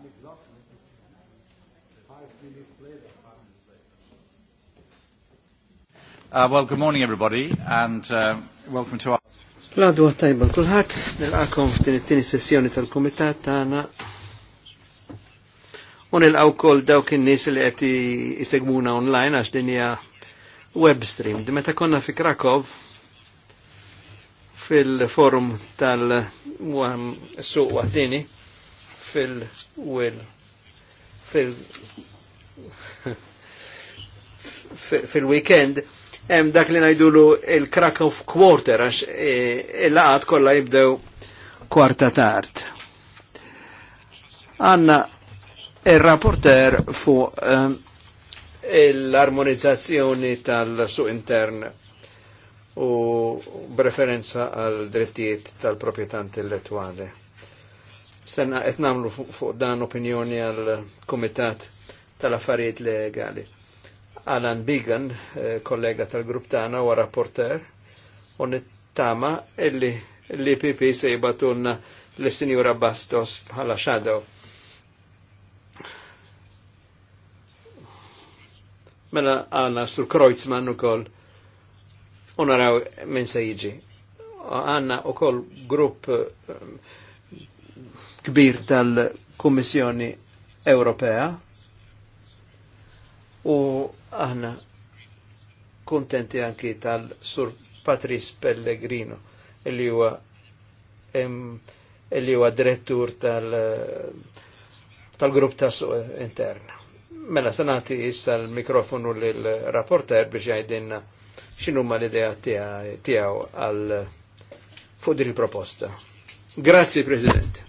I'm exhausted. Five minutes later, five minutes later. Uh, well, good morning, everybody, and uh, welcome to our... L-għadwa tajba kullħat, nil-għakom f'din it-tini sessjoni tal-komitat tagħna u nilqgħu wkoll dawk in-nies li qed jisegmuna online għax dinja web stream. Meta konna fi Krakow fil-forum tal-suq waħdini, fil-wil fil fil-weekend hemm dak li ngħidulu il of Quarter għax e, il-laqat kollha jibdew kwarta tard. Għanna il-rapporter fu ehm, l-armonizzazzjoni tal-suq intern u preferenza għal drittijiet tal-proprjetà intellettuali. Senna qed nagħmlu fuq dan opinjoni għal eh, Kumitat tal-Affarijiet Legali. Alan Bigan, eh, kollega tal-grupp tagħna u rapporter, u nittama illi l-IPP se jibatunna l-Sinjura Bastos bħala Shadow. Mela għana sur Kreuzmann u koll unaraw minn se jiġi. Għanna u koll grupp eh, kbir tal-Kummissjoni Ewropea u aħna kontenti anki tal-Sur Patrice Pellegrino li huwa li huwa direttur tal-grupp tal tas interna. Mela sanati issa l-mikrofonu l-rapporter biex jgħidinna xinu ma l-idea tijaw għal fuq din il-proposta. Grazie, Presidente.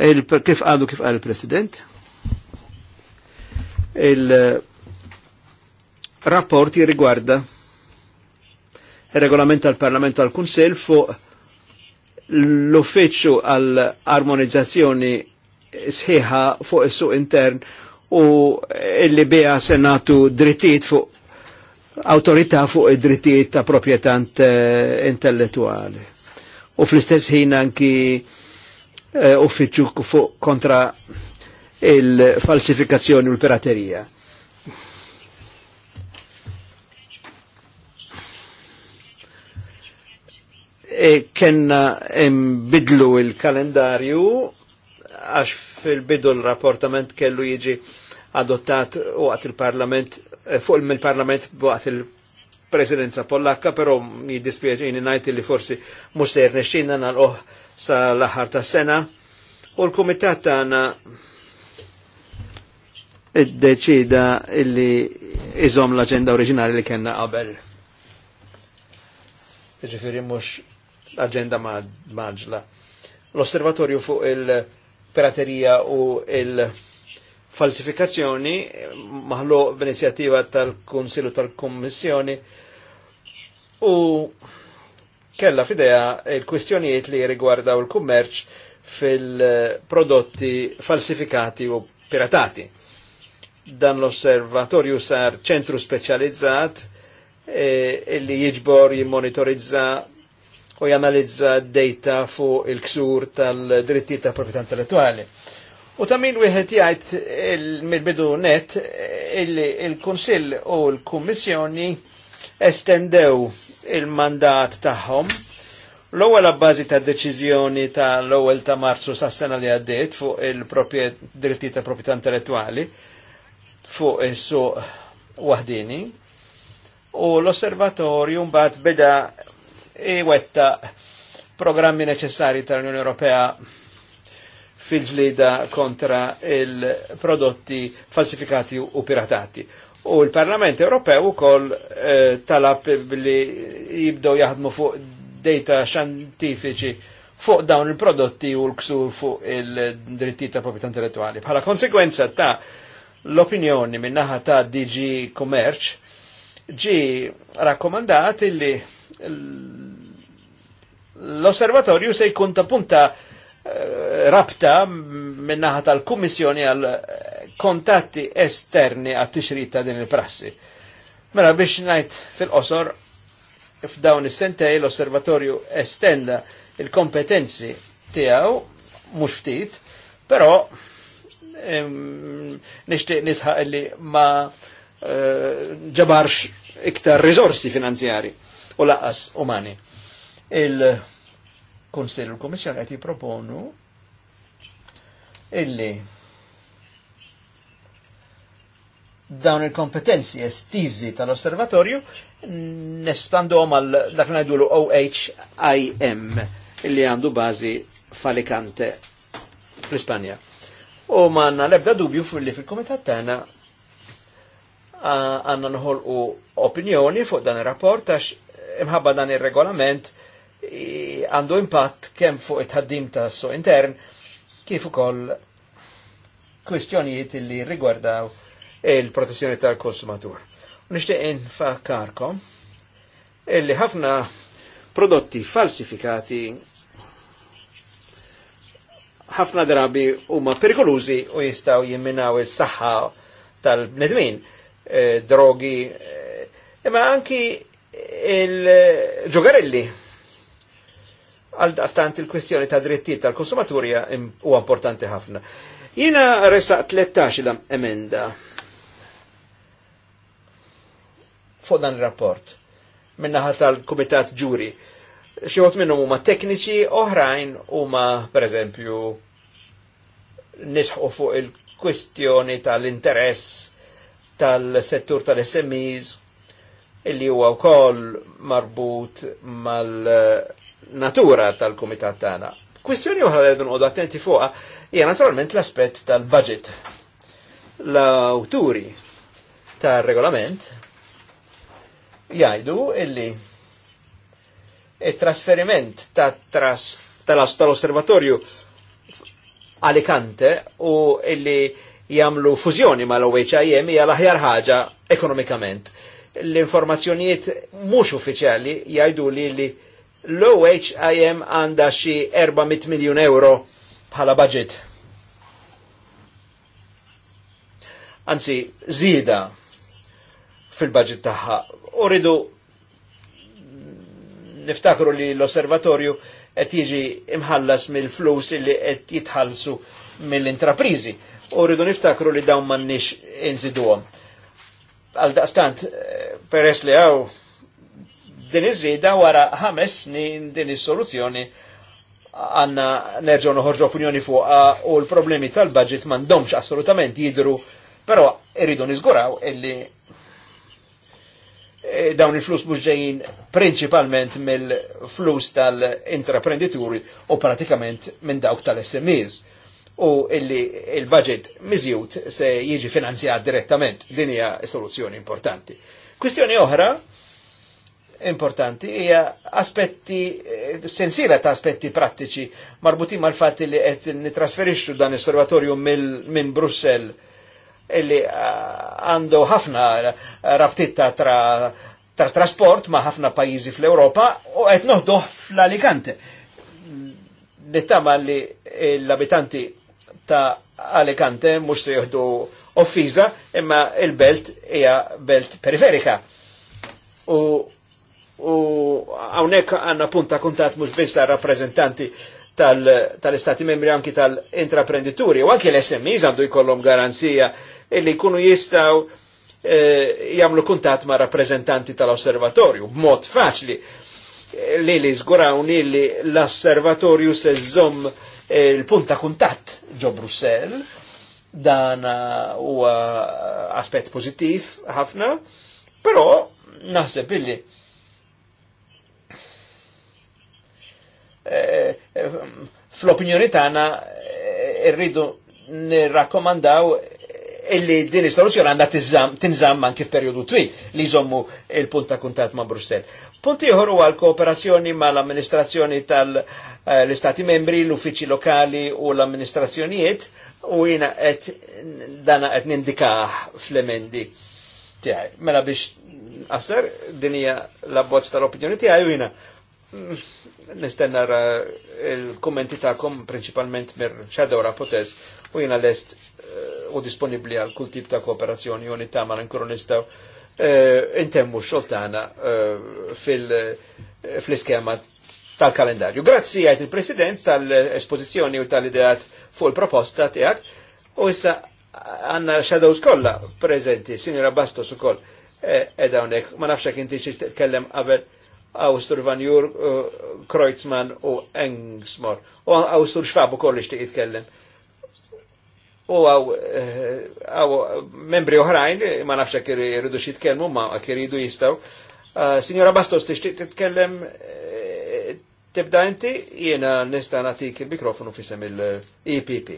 kif għadu kif għal il-President, il-rapport jirrigwarda il-regolament tal-Parlament tal-Kunsel fuq l-uffiċċju għall-armonizzazzjoni sħiħa fuq il suq intern u illi bija senatu drittijiet fuq autorità fuq id-drittijiet ta' propietant intellettuali. U fl-istess ħin anki Eh, uffiċu fuq kontra il-falsifikazzjoni u l-piraterija. E kenna imbidlu il-kalendarju għax fil-bidu l-rapportament kellu jiġi adottat u għat il-parlament eh, fuq il-parlament għat il-presidenza pollakka, però mi dispjaċini najt li forsi musser nesċinna nal-oħ sa l-aħħar ta' sena u l-kumitat tagħna iddeċida illi iżom l-aġenda oriġinali li kellna qabel. Ġifieri mhux l-aġenda maġla. L-osservatorju fuq il-piraterija u il-falsifikazzjoni maħluq b'inizjattiva tal-Kunsilu tal-Kummissjoni u kella fideja il-kwistjonijiet li rigwardaw il-kummerċ fil-prodotti falsifikati u piratati. Dan l-osservatorju sar ċentru specializzat e, illi jiġbor jimmonitorizza u janalizza data fuq il-ksur tal-dritti ta' proprietà intellettuali. U ta' min wieħed jgħid mill-bidu net il-Kunsill u l-Kummissjoni il estendew il-mandat tagħhom L-ewwel abbażi ta' deċiżjoni ta' l-ewwel ta' Marzu sa' sena li għaddiet fuq il dritti ta' proprjetà intellettwali fuq is-suq waħdini u l-osservatorju mbagħad beda iwetta programmi neċessari tal-Unjoni Ewropea fil-ġlida kontra il-prodotti falsifikati u piratati. U l-Parlament Ewropew ukoll eh, talab li jibdow jaħdmu fuq data xantifiċi fuq dawn il-prodotti u l-ksur fuq il-dritti ta' proprietà intellettuali. Bħala konsekwenza ta' l-opinjoni minnaħa ta' DG Commerce ġi rakkomandat illi l-osservatorju se jkun ta' punta eh, rabta minnaħa tal-Kummissjoni għal kontatti esterni għat ta' din il-prassi. Mela biex najt fil-qosor, f'dawn is-sentej l-osservatorju estenda il-kompetenzi tiegħu mhux ftit, però nixtieq nisħaq li ma eh, ġabarx iktar riżorsi finanzjari u laqas umani. Il-Kunsill u l-Kummissjoni qed jipproponu illi dawn il-kompetenzi estizi tal-osservatorju nespandu għom għal dak najdulu OHIM li għandu bazi falikante fl-Ispanja. U manna lebda dubju fil-li fil-komitat tana għanna nħol u opinjoni fuq dan il-rapport għax imħabba dan il-regolament għandu impatt kemm fuq it-ħaddim ta' su intern kif ukoll kwistjonijiet li rigwardaw il-protezzjoni tal-konsumatur. Nishtiq infakarkom illi ħafna prodotti falsifikati ħafna drabi huma perikolużi u jistaw jimminaw is-saħħa tal-bnedmin, eh, drogi, eh, imma anki il ġugarelli Għal daqstant il-kwestjoni ta' drittijiet tal konsumaturja huwa importanti ħafna. Jina resaq 13 emenda fuq dan rapport minnaħat tal-Kumitat Ġuri. Xieħot minnum huma tekniċi, oħrajn huma per eżempju nisħu fuq il-kwistjoni tal-interess tal-settur tal-SMEs illi huwa wkoll marbut mal-natura tal-kumitat tagħna. Kwistjoni oħra li nqogħdu attenti fuqha hija naturalment l-aspett tal-budget. L-awturi tar-regolament jajdu illi il-trasferiment tras tal-osservatorju Alicante u illi jamlu fużjoni ma l-OHIM hija l-aħjar ħaġa ekonomikament. L-informazzjonijiet mhux uffiċjali jgħidu li li l-OHIM għandha xi 400 miljun euro bħala budget. Anzi, zida fil-budget tagħha Uridu niftakru li l-osservatorju qed jiġi imħallas mill-flus li qed jitħallsu mill-intraprizi. Uridu niftakru li dawn m'għandniex inżiduhom. Għal daqstant, eh, peress li għaw din iż-żieda wara ħames snin din is-soluzzjoni għanna nerġgħu noħorġu opinjoni fuq u l-problemi tal-budget m'għandhomx assolutament jidru, però irridu niżguraw illi Eh, dawn il-flus mux ġejjin principalment mill-flus tal intraprendituri u pratikament minn dawk tal-SMEs u illi il-budget miżjut se jiġi finanzjat direttament. Din hija soluzzjoni importanti. Kwistjoni oħra importanti hija aspetti eh, sensiela ta' aspetti prattiċi marbutin mal-fatt li qed nitrasferixxu dan is-servatorju minn Brussell illi eh, għandu ħafna rabtitta tra tra trasport ma' ħafna pajjiżi fl-Europa u qed noħduh fl-Alicante. Nittama li l-abitanti ta' Alicante mhux se juhdu offiża imma il-belt hija belt periferika. U għawnek hawnhekk għandna punta kuntat mhux biss rappreżentanti tal-istati membri anki tal-intraprenditori, u anki l smis għandu jkollhom garanzija illi jkunu jistaw eh, jamlu kuntat ma' rappresentanti tal-osservatorju, b'mod faċli eh, li li zgurawn illi l-osservatorju se zom eh, il-punta kuntat ġo Brussel, dan huwa aspett pozitif ħafna, però naħseb illi Eh, fl-opinjoni tagħna eh, rridu nirrakkomandaw illi din is-soluzzjoni għandha tinżamm anke f'perjodu twil li jżommu il-punt ta' kuntat ma' Brussell. Punti ieħor huwa l-kooperazzjoni mal-amministrazzjoni tal-istati eh, membri, l-uffiċi lokali u l-amministrazzjonijiet u jiena qed dana qed nindikah fl-emendi tiegħi. Mela biex qasser din hija l-abbozz tal-opinjoni tiegħi u jiena mm, nistenna il-kommenti ta'kom principalment mir Shadow Rapotez u jina lest eh, u disponibli għal kull tip ta' kooperazzjoni u nittama nkunu nistaw eh, intemmu xoltana eh, fil-iskema tal-kalendarju. Grazzi għajt il-President tal-espozizjoni u tal-ideat fuq il-proposta tijak u issa għanna Shadows skolla prezenti, Sinjora Bastos u koll edha unek, ma nafxak inti kellem qabel Austur Van Jur, eh, Kreuzmann u Engsmor. U Austur Schwab u koll ixtiq jitkellem. U għaw eh, għaw, membri uħrajn, eh, ma nafx kir jiridu xitkellmu, ma kiri jiridu jistaw. Signora Bastos, ti tixtiq titkellem tibda inti, jena nista natik il-mikrofonu fisem il-EPP.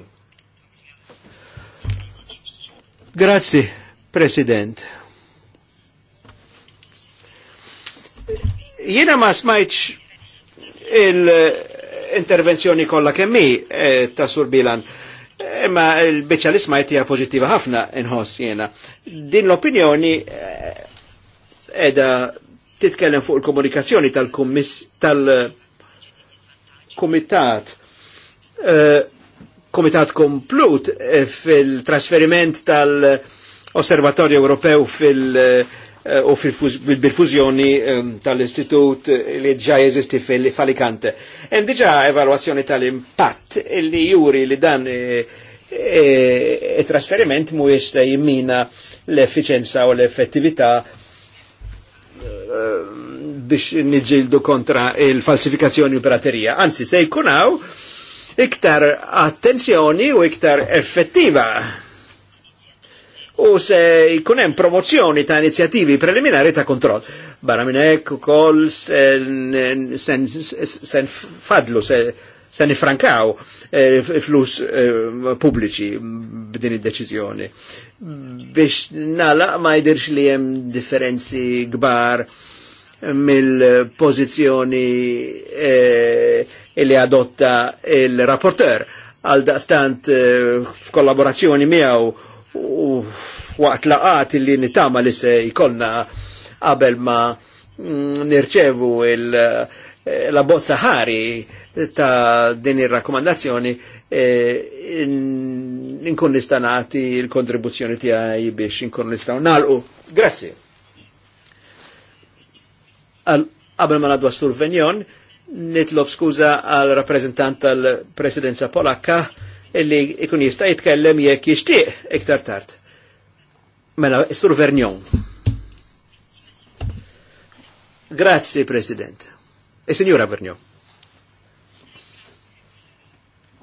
Grazie, President. Jiena ma smajtx il-intervenzjoni kollha kemmi eh, ta' Sur Bilan. Imma l-beċa li smajt hija pożittiva ħafna inħoss jiena. Din l-opinjoni eh, edha titkellem fuq il-komunikazzjoni tal komitat tal eh, kumitat komplut eh, fil-trasferiment tal-Osservatorju Ewropew fil- Eh, u bil fuzjoni ehm, tal-istitut eh, li ġa jeżisti fil-Falikante. Hemm diġà evalwazzjoni tal-impatt li juri li dan it-trasferiment eh, e mu jista jimmina l efficienza u l-effettività ehm, biex niġildu kontra il-falsifikazzjoni u piraterija. Anzi, se jkunaw iktar attenzjoni u iktar effettiva u se jkun hemm promozzjoni ta' inizjativi preliminari ta' kontroll. Barra minn hekk ukoll sen, sen, fadlu se se nifrankaw eh, flus eh, pubbliċi b'din id-deċiżjoni. Biex nala ma jidirx li hemm differenzi gbar mill-pożizzjoni eh, li adotta il-rapporter għal daqstant eh, f'kollaborazzjoni miegħu u waqt laqat li nitama li se jkollna qabel ma mm, nirċevu eh, la bozza ħari ta' din ir-rakkomandazzjoni e, nkun nistanati il-kontribuzzjoni tiegħi biex inkun nistgħu nagħlqu. Grazzi. Qabel ma nadwa s survenjon nitlob skuża għal rappreżentant tal-Presidenza Polakka illi ikun jista' jitkellem jekk jixtieq iktar tard. Mela, Sur Vernjon. Grazie, President. E signora Vernjon.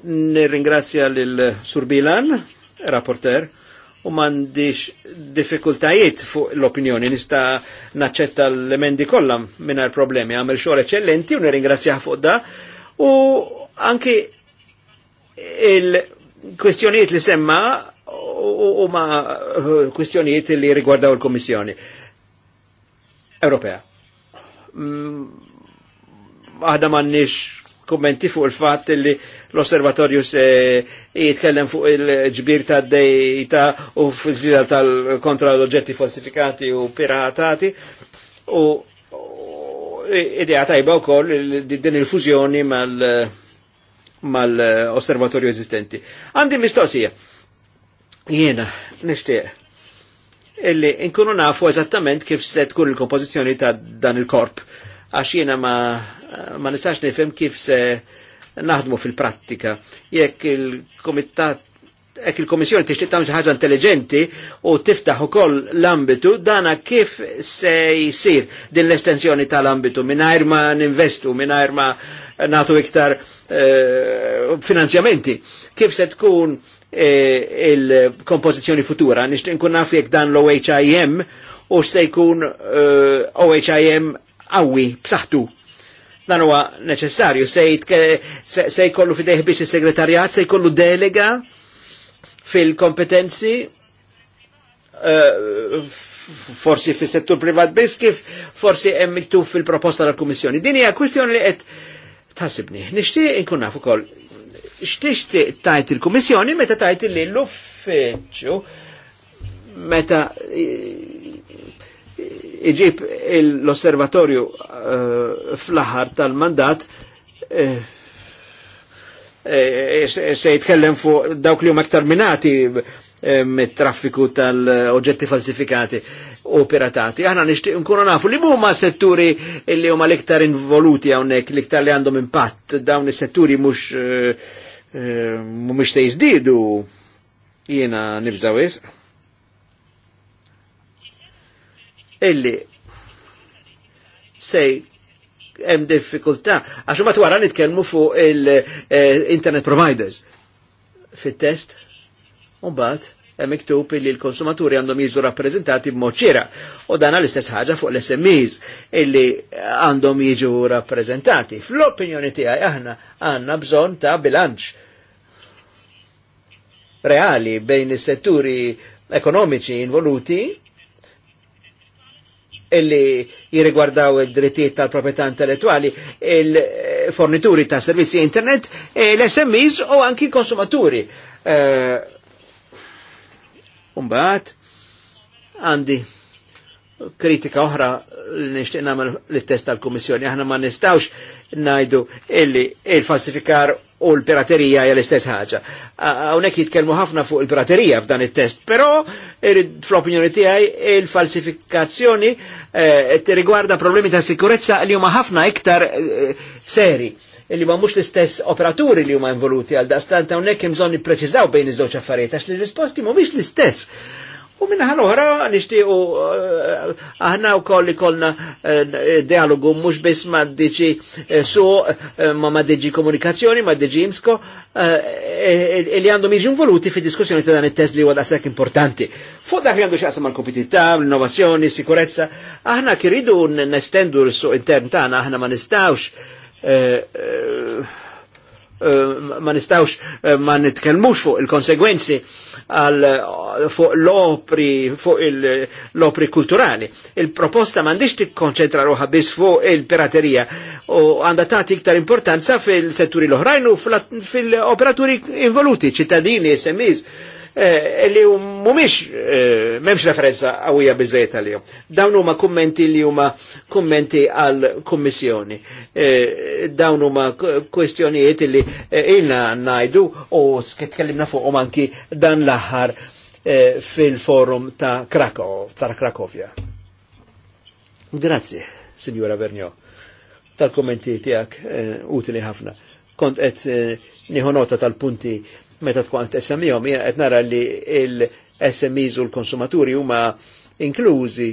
Nirringrazzja lil sur Bilan, rapporter, u mandiċ diffikultajiet fuq l-opinjoni, nista naċċetta l-emendi kollha minar problemi, għamil xor eccellenti u nirringrazzjaħ fuq da, u anki il-kwestjonijiet li semma u ma eh, kwistjonijiet li rigwardaw il-Komissjoni Ewropea. Mm, aħna m'għandniex kummenti fuq il-fatt li l-osservatorju se jitkellem fuq il-ġbir ta' dejta u fil-ġlida tal-kontra l-oġġetti falsifikati u piratati u idea tajba u koll din il fuzjoni mal-osservatorju mal eżistenti. Għandi mistoqsija jiena nixtieq illi nkunu nafu eżattament kif se tkun il-kompożizzjoni ta' dan il-korp għax jiena ma, ma nistax nifhem kif se naħdmu fil-prattika jekk il-komitat ek il-Komissjoni t tagħmel xi ħaġa intelligenti u tiftaħ ukoll l-ambitu dana kif se jsir din l-estensjoni tal-ambitu mingħajr ma ninvestu, mingħajr ma nagħtu iktar eh, finanzjamenti. Kif se tkun Eh, il-kompożizzjoni futura. Nixtieq nkun naf jekk dan l-OHIM u se jkun uh, eh, OHIM qawwi b'saħħtu. Dan huwa neċessarju se jkollu fidejh biss is-segretarjat, se jkollu delega fil-kompetenzi eh, forsi fis settur privat biss kif forsi hemm miktub fil-proposta tal-Kummissjoni. Din hija kwistjoni li qed tħassibni. Nixtieq inkun naf ukoll xtixtiq tajt il komissjoni meta tajt li l uffiċu meta iġib l-osservatorju eh, fl ħar tal-mandat eh, eh, se, jitkellem fuq dawk li huma aktar minati mit-traffiku tal-oġġetti falsifikati u piratati. Aħna nixtieq nkunu nafu li huma setturi li huma l-iktar involuti hawnhekk, l-iktar li għandhom impatt dawn is-setturi mhux uh, Eh, mumiex se jizdidu jiena nibżawis. Illi sej hemm difficulta, għaxu ma wara nitkellmu fuq il-internet eh, providers fit-test. Umbagħad miktub li l-konsumaturi għandhom jiġu rappresentati b'moċira. U dan l-istess ħaġa fuq l-SMEs illi għandhom jiġu rappresentati. Fl-opinjoni tiegħi aħna għandna bżonn ta' bilanċ reali bejn is-setturi ekonomiċi involuti illi jirigwardaw il-drittijiet tal-proprietà intellettuali, il-fornituri ta' servizzi internet, e l-SMEs u anki konsumaturi. Uh, Umbaħt, għandi kritika oħra li nishtiq namel l test tal-Komissjoni. Aħna ma nistawx najdu illi il-falsifikar u l-piraterija hija l-istess ħaġa. Hawnhekk jitkellmu ħafna fuq il-piraterija f'dan it-test, però fl-opinjoni tiegħi il-falsifikazzjoni eh, rigwarda problemi ta' sikurezza li huma ħafna iktar eh, seri li ma mux l-istess operaturi li huma involuti għal dastan ta' unnek imżon preċizaw bejn iż-żewġ affarijiet għax li risposti ma mhumiex l-istess. U minna ħal-ohra nishtiqu eh, aħna u koll kolna eh, dialogu mux bis ma diġi eh, su ma ma diġi komunikazzjoni, ma diġi imsko, li għandu miġi involuti fi diskussjoni ta' dan il-test li għada sekk importanti. Fuq dak li għandu xaqsa ma' l-kompetitta, l-innovazzjoni, sikurezza, aħna kiridu n nestendu l su intern ta' aħna ma nistawx Eh, eh, eh, ma nistawx ma nitkelmux fuq il-konsegwenzi għal fuq l-opri fuq l-opri kulturali. Il-proposta mandiċ tikkonċentra ruħa bis fuq il-piraterija u għanda tagħti iktar importanza fil-setturi l-oħrajn u fil-operaturi involuti, ċittadini, SMEs Eh, li mumiex eh, memx referenza għawija bizzejt għal-jom. Dawn huma kummenti li huma kummenti għal kummissjoni eh, Dawn huma kwestjonijiet li ilna najdu u skitkellimna fuq anki dan l-aħħar fil-forum ta' Krakow, ta' krakowja Grazie, signora Vernio, tal-kommenti tijak utili ħafna. Kont et niħonota tal-punti meta tkun qed smihom jiena qed nara li l smes u l-konsumaturi huma inklużi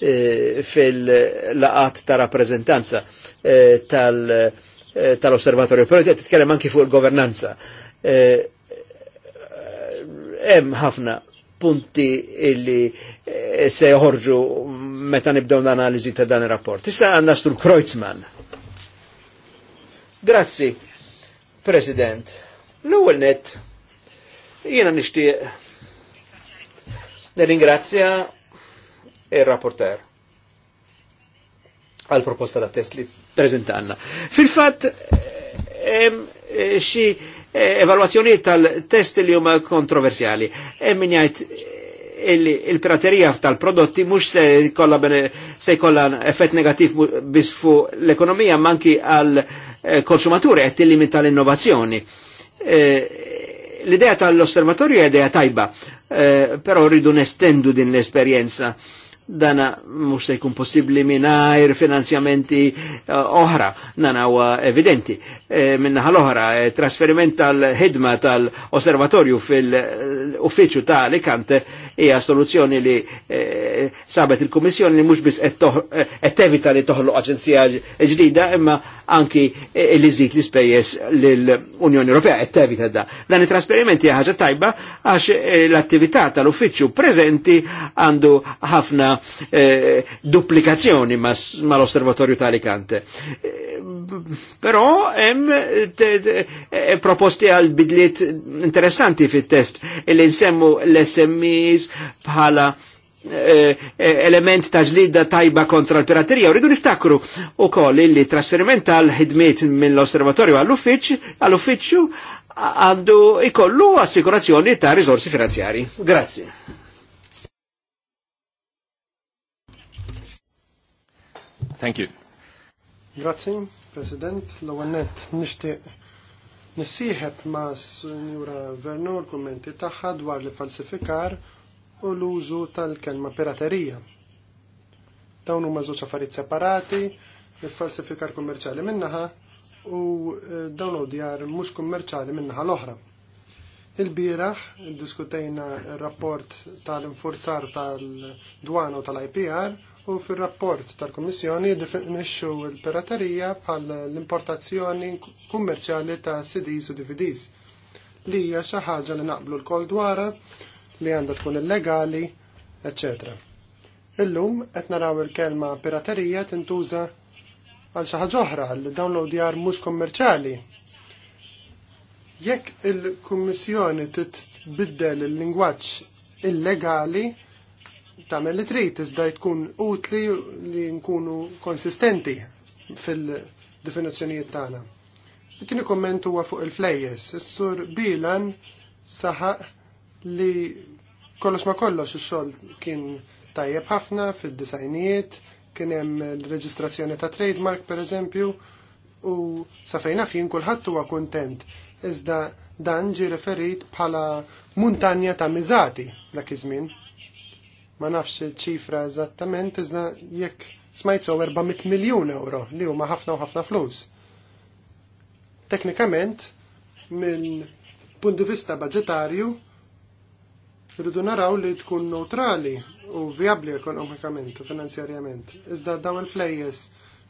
eh, fil-laqat ta' rappresentanza eh, eh, tal-osservatorju, tal però ġed titkellem anki fuq il-governanza. Hemm ħafna punti illi se joħorġu meta nibdew l-analiżi ta' dan ir-rapport. Issa għandna Stur Kreutzmann. Grazzi, President. L-ewwel net Jiena nixtieq nirringrazzja ir-rapporter għal proposta ta' test li prezentanna. Fil-fatt, eh, xi eh, evalwazzjoni tal-test li huma kontroversjali. Hemm min jgħid eh, il-piraterija tal-prodotti mhux se jkollha se jkollha effett negattiv biss fuq l-ekonomija manki għal konsumaturi qed tillimita l-innovazzjoni. L-idea tal-osservatorju idea tajba, eh, però rridu nestendu din l-esperjenza dana mux se jkun possibli minajr finanzjamenti eh, oħra, Nana huwa evidenti. Minna eh, Minnaħa oħra trasferiment tal-ħidma tal-osservatorju fil-uffiċu tal-Ikante hija soluzzjoni li eh, sabet il-Kummissjoni li mhux biss eh, qed tevita li toħloq aġenzija ġdida imma anki eh, li żid l-ispejjeż lill-Unjoni Ewropea qed tevita da. Dan it-trasperimenti hija ħaġa tajba għax l-attività tal-uffiċċju preżenti għandu ħafna duplikazzjoni mal-Osservatorju tal-Ikante. Però hemm proposti għal bidliet interessanti fit-test li nsemmu l-SMEs bħala eh, eh, element ta' ġlida tajba kontra l-piraterija. Uridu niftakru u koll li trasferiment tal-ħidmiet l osservatorju għall-uffiċċju għandu ikollu assikurazzjoni ta' risorsi finanzjari. Grazie. Thank you. Grazie, President. L-għannet nishtiq nissiħeb ma' s-Njura Vernur kommenti taħħa dwar li falsifikar u l-użu tal-kelma piraterija. Dawn huma żewġ affarijiet separati, il-falsifikar kummerċali minnaħa u eh, dawn djar mhux kummerċali minnaħa l-oħra. Il-bieraħ diskutejna r-rapport tal-infurzar tal-dwana u tal-IPR u fil-rapport tal-Komissjoni definixxu l-piraterija bħal l-importazzjoni kummerċjali ta' CDs u DVDs li hija xi ħaġa li naqblu l-kol dwarha li għandha tkun illegali, etc. Illum qed naraw il-kelma piraterija tintuża għal xi ħaġa oħra li downloadjar mhux kommerċjali. Jekk il-Kummissjoni titbiddel il-lingwaġġ illegali, tagħmel li trid iżda tkun utli li nkunu konsistenti fil-definizzjonijiet tagħna. it kommentu huwa fuq il-flejjes. Is-sur Bilan saħaq li kollox ma kollox ix kien tajjeb ħafna fid-disajnijiet, kien hemm l-reġistrazzjoni ta' trademark pereżempju u sa fejna fin kulħadd huwa kuntent. Iżda dan ġi referit bħala muntanja ta' miżati dak iż-żmien. Ma nafx ċifra eżattament iżda jekk smajt sew 400 miljun euro li huma ħafna u ħafna flus. Teknikament, minn punt di vista budgetarju, Irridu naraw li tkun neutrali u vjabli ekonomikament u finanzjarjament. Iżda daw il-flejjes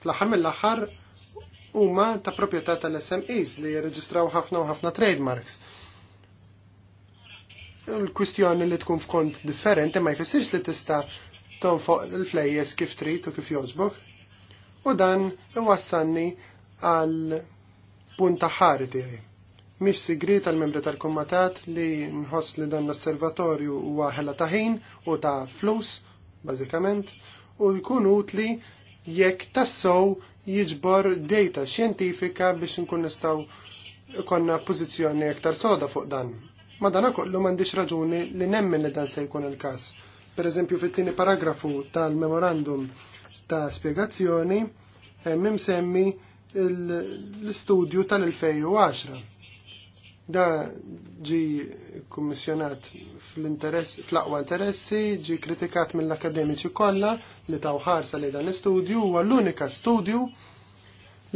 fl-aħħar mill-aħħar huma ta' proprjetà tal-SMEs li jirreġistraw ħafna u ħafna trademarks. Il-kwistjoni li tkun f'kont differenti ma jfissirx li tista' tonfoq il-flejjes kif trid u kif joġbok. U dan iwassanni għal punta ħari tiegħi. Mhix sigri tal-membri tal-kummatat li nħoss li dan l-osservatorju huwa ħela ta' ħin u ta' flus, bażikament, u jkun utli jekk tassow jiġbor data xjentifika biex nkun nistgħu konna pożizzjoni aktar soda fuq dan. Ma dana kollu m'għandix raġuni li nemmen li dan se jkun il-każ. Pereżempju fit-tieni paragrafu tal-memorandum ta' spjegazzjoni hemm semmi l-istudju tal-2010 Da ġi kummissjonat fl aqwa interessi, ġi kritikat mill-akademiċi kollha li taw ħarsa li dan l-istudju huwa l-unika studju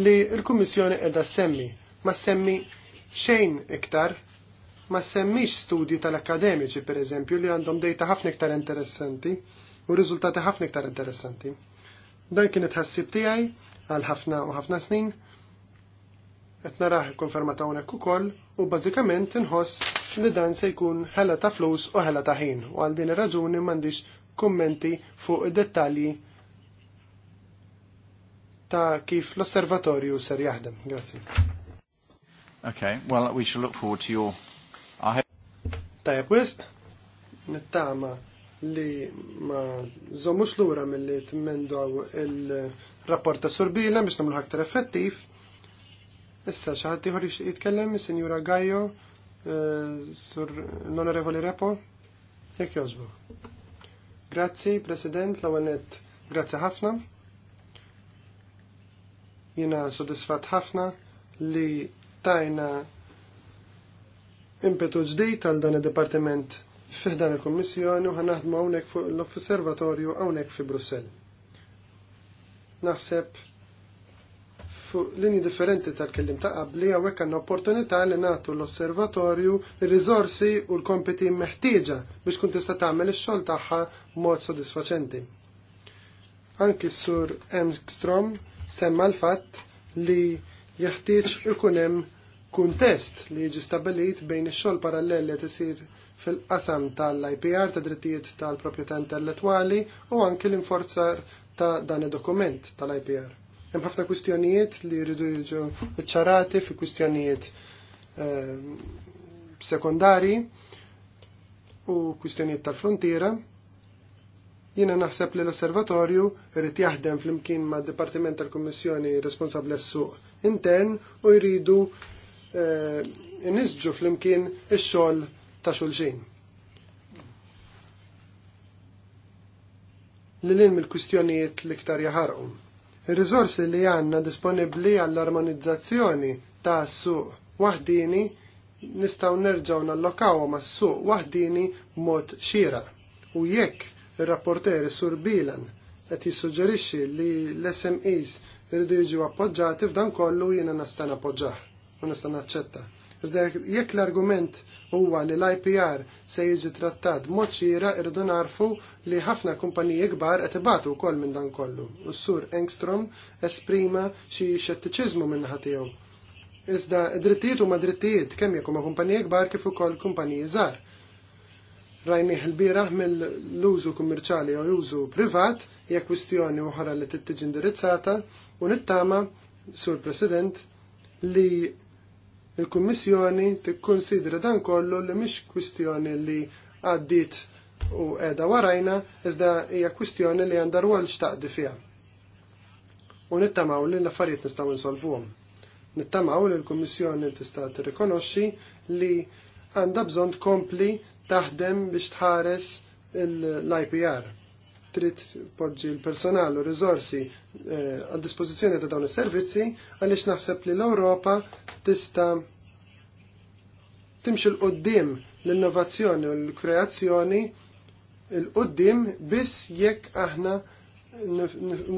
li l-Kummissjoni qiegħda semmi. Ma semmi xejn iktar, ma semmix studji tal-akademiċi pereżempju li għandhom dejta ħafna iktar interessanti u riżultati ħafna iktar interessanti. Dan kien it-ħassib tiegħi għal ħafna u ħafna snin qed konfermata ikkonfermat hawnhekk ukoll u bażikament inħoss li dan se jkun ħela ta' flus u ħela ta' ħin u għal din ir-raġuni m'għandix kummenti fuq id-dettalji ta' kif l-osservatorju ser jaħdem. Grazzi. Okay, well, we shall look forward to your... Ta' jepwis, nittama li ma zomux l-ura mill-li t-mendu il-rapport ta' surbila biex namlu ħaktar effettiv Issa xaħat tiħor jitkellem, Signora Gajo, eh, sur l-Onorevoli Repo, jek jozbu. Grazzi, President, l-għanet, grazzi ħafna. Jina soddisfat ħafna li tajna impetu ġdijt għal dan il-Departiment fiħdan il-Kommissjoni u ħanaħdmu għawnek fuq l-Osservatorju għawnek fi Brussel. Naħseb fuq linji differenti tal-kellim ta' qabli għawek għanna opportunità li natu l-osservatorju, il-rizorsi u l-kompiti meħtieġa biex kun tista' tagħmel ix-xogħol tagħha mod sodisfaċenti. Anki sur Emstrom semma l-fatt li jeħtieġ ikun hemm kuntest li jiġi stabilit bejn ix-xogħol parallel li tisir fil-qasam tal-IPR ta' drittijiet tal-proprjetà intellettwali u anki l-inforzar ta' dan id-dokument tal-IPR. Hemm ħafna kwistjonijiet li jridu jiġu iċċarati fi kwistjonijiet eh, sekondari u kwistjonijiet tal-frontiera. Jiena naħseb li l-osservatorju jrid jaħdem flimkien mad Dipartiment tal-Kummissjoni responsabbli għas-suq intern u jridu eh, nisġu flimkien ix-xogħol ta' xulxin. Lilin mill-kwistjonijiet l-iktar jaħarqu ir rizorsi li għandna disponibbli għall-armonizzazzjoni ta' suq waħdini nistgħu nerġgħu nallokawha mas-suq waħdini mod xira. U jekk ir-rapporter Sur Bilan qed jissuġġerixxi li l-SMEs irridu jiġu appoġġati f'dan kollu jiena nista' nappoġġah u nista' naċċetta. Iżda jekk l-argument huwa li l-IPR se jiġi trattat mod xira irridu narfu li ħafna kumpaniji kbar qed ibatu wkoll minn dan kollu. U s-sur Engstrom esprima xi xettiċiżmu minn tiegħu. Iżda drittijiet huma drittijiet kemm jekk huma kumpaniji kbar kif ukoll kumpaniji żgħar rajnieħ il-biraħ mill-użu kummerċali u użu privat, hija kwistjoni oħra li tittiġi indirizzata, u nittama, Sur President, li Il-Kummissjoni tikkonsidra dan kollu li mhix kwistjoni li għaddit u edha warajna, iżda hija kwistjoni li għandha rwol xtaqdi fiha. U nittamaw li l-affarijiet nistgħu nsolvuhom. Nittamaw li l-Kummissjoni tista' tirrikonoxxi li għandha bżonn tkompli taħdem biex tħares l-IPR trid poġġi l-personal u riżorsi eh, għad dispożizzjoni ta' dawn is-servizzi għaliex naħseb li l-Ewropa tista' timxi l-qoddim l-innovazzjoni u l-kreazzjoni l-qoddim biss jekk aħna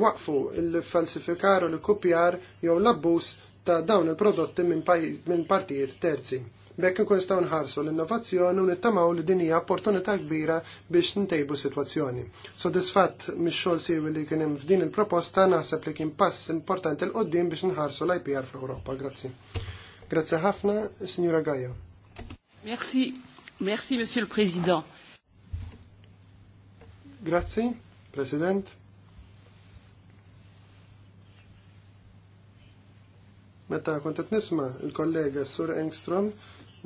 waqfu l-falsifikar u l-kopjar jew l-abbuż ta' dawn il-prodotti minn partijiet terzi. Bekk nkun nistgħu nħarsu l-innovazzjoni u nittamaw li din hija opportunità kbira biex ntejbu sitwazzjoni. Sodisfatt mix-xogħol siwi li kien hemm f'din il-proposta naħseb li kien pass importanti l qoddim biex nħarsu l-IPR fl-Ewropa. Grazzi. Grazzi ħafna, Signora Gaja. Merci, merci Monsieur le Président. Grazzi, President. Meta kont nisma' il-kollega Sur Engstrom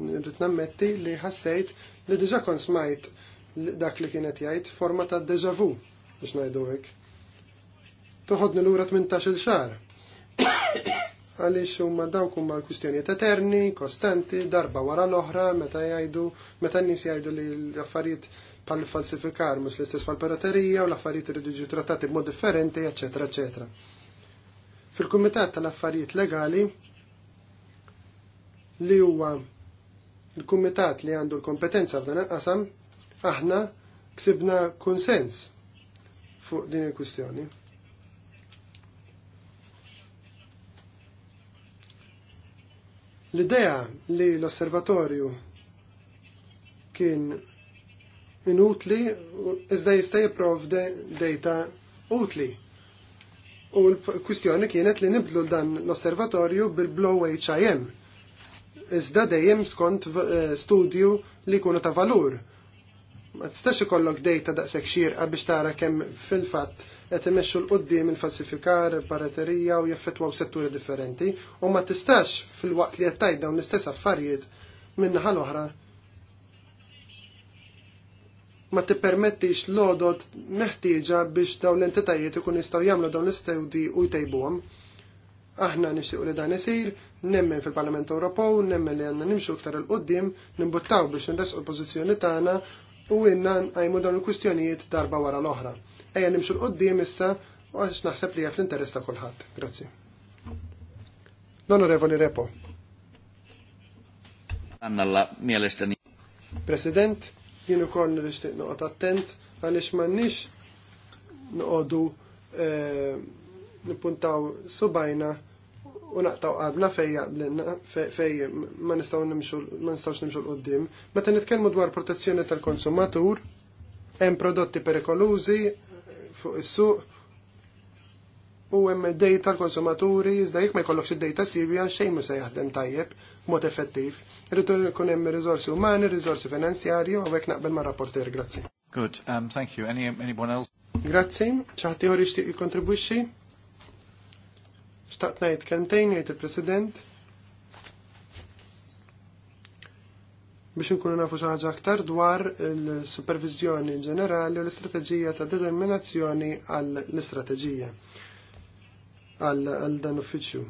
nirrit nammetti li ħassejt li diġa kon smajt dak li kienet jgħid forma ta' deja vu biex ngħidu hekk. Toħodni lura 18-il xahar. Għaliex huma dawk huma l-kwistjonijiet eterni, kostanti, darba wara l-oħra, meta jgħidu, meta n-nies jgħidu li l-affarijiet pal falsifikar mhux l-istess fal-piraterija u l-affarijiet iridu trattati b'mod differenti, eċetera, eċetera. Fil-Kumitat tal-Affarijiet Legali li huwa il-kumitat li għandu l-kompetenza f'dan il-qasam, aħna ksibna konsens fuq din il-kustjoni. L-idea li l-osservatorju kien inutli, iżda jista' jipprovde data utli. U l-kwistjoni kienet li nibdlu dan l-osservatorju bil-Blow HIM iżda dejjem skont eh, studju li jkunu ta' valur. Ma tistax ikollok dejta daqshekk xierqa biex tara kemm fil-fatt qed imexxu l qudiem il-falsifikar, paraterija u jaffettwaw setturi differenti u ma tistax fil-waqt li qed tajt dawn l-istess affarijiet minnaħa l-oħra ma tippermettix l-odot meħtieġa biex dawn l-entitajiet ikun jistgħu jagħmlu dawn l istudji u jtejbuhom. Aħna nixtiequ li dan isir, nemmen fil-Parlament Ewropew, nemmen li għandna nimxu iktar il-qoddim, nimbuttaw biex nresqu l pozizjoni tagħna u għinna għajmu dawn il-kwistjonijiet darba wara l-oħra. Ejja nimxu l-qoddim issa u għax naħseb li fl-interess ta' kulħadd. Grazzi. L-Onorevoli Repo. Annalla, l-estani. President, jien ukoll nirixtieq noqgħod attent għaliex m'għandniex noqogħdu eh, nipuntaw subajna u naqtaw qabna fej fej ma nistaw nimxu ma nistawx nimxu l-qoddim. Meta nitkellmu dwar protezzjoni tal-konsumatur, hemm prodotti perikolużi fuq is-suq u hemm dej tal-konsumaturi iżda jekk ma jkollokx id-dejta sibja, xejn ma se jaħdem tajjeb mod effettiv. Irrid ikun hemm riżorsi umani, riżorsi finanzjarji u hekk naqbel ma' rapporter, grazzi. Good, um, thank you. Any, anyone else? Grazzi, ċaħti ħor jikontribuixi. jikkontribwixxi? Xtaqt ngħid kentejn, jgħid il-President biex nkunu nafu xi ħaġa aktar dwar il-supervizjoni ġenerali u l-istrateġija ta' determinazzjoni għal l-istrateġija għal dan uffiċċju.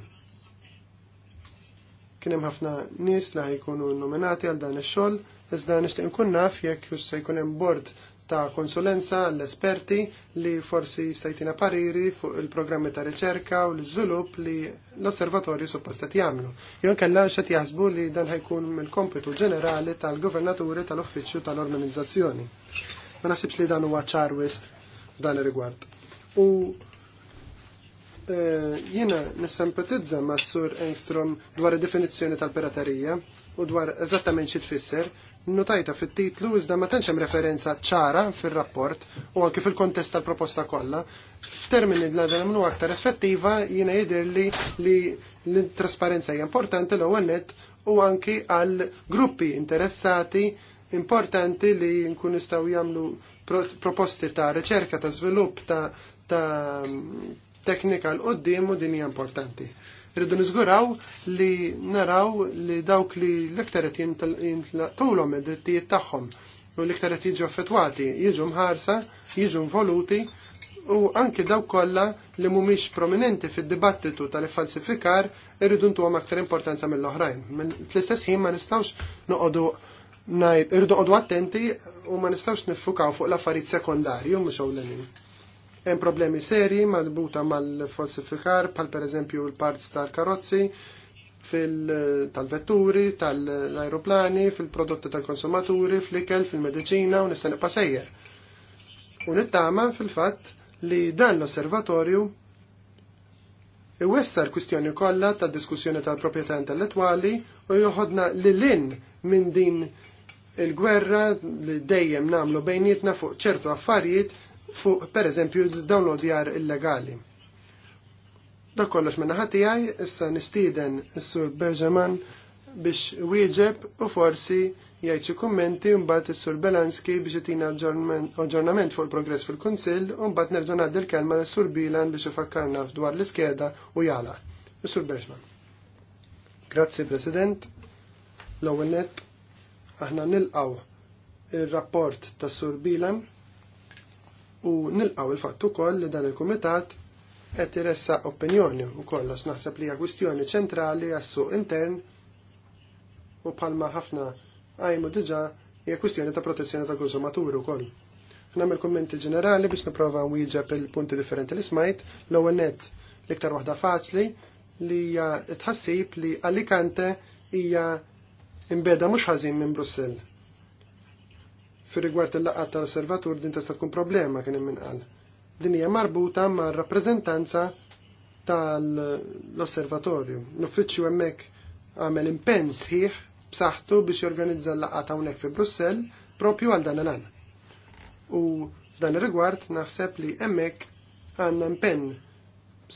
Kien hemm ħafna nies li ħajkunu nominati għal dan ix-xogħol, iżda nixtieq nkun naf jekk se jkun hemm bord ta' konsulenza l-esperti li forsi stajtina pariri fuq il-programmi ta' riċerka u l-izvilupp li l-osservatorju suppostat jamlu. Jon kalla qed jaħsbu li dan ħajkun mill-kompitu ġenerali tal-governaturi tal-uffiċċju tal-organizzazzjoni. Ma nasibx li dan huwa ċarwis f'dan ir-rigward. U eh, jiena nissempatizza ma' Sur Engstrom dwar id-definizzjoni tal-piraterija u dwar eżattament xi tfisser nutajta fit-titlu iżda ma tantx hemm referenza ċara fir-rapport u anke fil-kontest tal-proposta kollha. F'termini li nagħmlu aktar effettiva jiena jidirli li l-trasparenza hija importanti l-ewwel nett u anki għal gruppi interessati importanti li nkun nistgħu jagħmlu proposti ta' riċerka ta' żvilupp ta', ta teknika l-qoddim u din hija importanti. Rridu niżguraw li naraw li dawk li l-iktar qed id-drittijiet tagħhom u l-iktar jiġu affettwati jiġu mħarsa, jiġu involuti u anki daw kolla li mumiex prominenti fil-dibattitu tal-falsifikar irridu ntuhom aktar importanza mill-oħrajn. Fl-istess ħin ma nistgħux noqogħdu najt, irridu qodu attenti u ma nistawx niffukaw fuq l-affarijiet sekondarji mhux ewlenin. Hemm problemi seri madbuta mal-falsifikar bħal pereżempju l-parts tal-karozzi, tal-vetturi, tal-aeroplani, fil-prodotti tal-konsumaturi, fl-ikel, fil-medicina u nistani pasejjer. U nittama fil-fatt li dan l-osservatorju iwessar kwistjoni kollha ta' diskussjoni tal-proprjetà intellettwali u joħodna li lin minn din il-gwerra li dejjem namlu bejnietna fuq ċertu affarijiet fuq per eżempju l odjar illegali. Dak kollox minna ħati għaj, issa nistiden s-sur Bergeman biex wieġeb u forsi jgħajċi kummenti mbagħad is-sur Belanski biex jtina aġġornament fuq il-progress fil-Kunsill u mbagħad nerġa' ngħaddi l-kelma lis-sur Bilan biex ifakkarna dwar l-iskeda u jala. Is-sur Bergeman. Grazzi President. L-ewwel nett aħna nilqgħu ir-rapport tas-sur Bilan u nilqaw il-fatt ukoll li dan il-kumitat qed iressa opinjoni u kollox naħseb li hija kwistjoni ċentrali għas-suq intern u bħalma ħafna għajmu diġà hija kwistjoni ta' protezzjoni tal-konsumatur ukoll. Nagħmel kummenti ġenerali biex nipprova wieġeb il-punti differenti li smajt, l-ewwel nett l-iktar waħda faċli li hija tħassib li Alicante hija imbeda mhux ħażin minn Brussell fir rigward il-laqgħa tal-Servatur din tista' tkun problema kien hemm inqal. Din hija marbuta ma' rappreżentanza tal-osservatorju. L-uffiċċju hemmhekk għamel impenn sħiħ b'saħħtu biex jorganizza l-laqgħa hawnhekk fi Brussell propju għal dan l-an. U f'dan ir-rigward naħseb li hemmhekk għandna impenn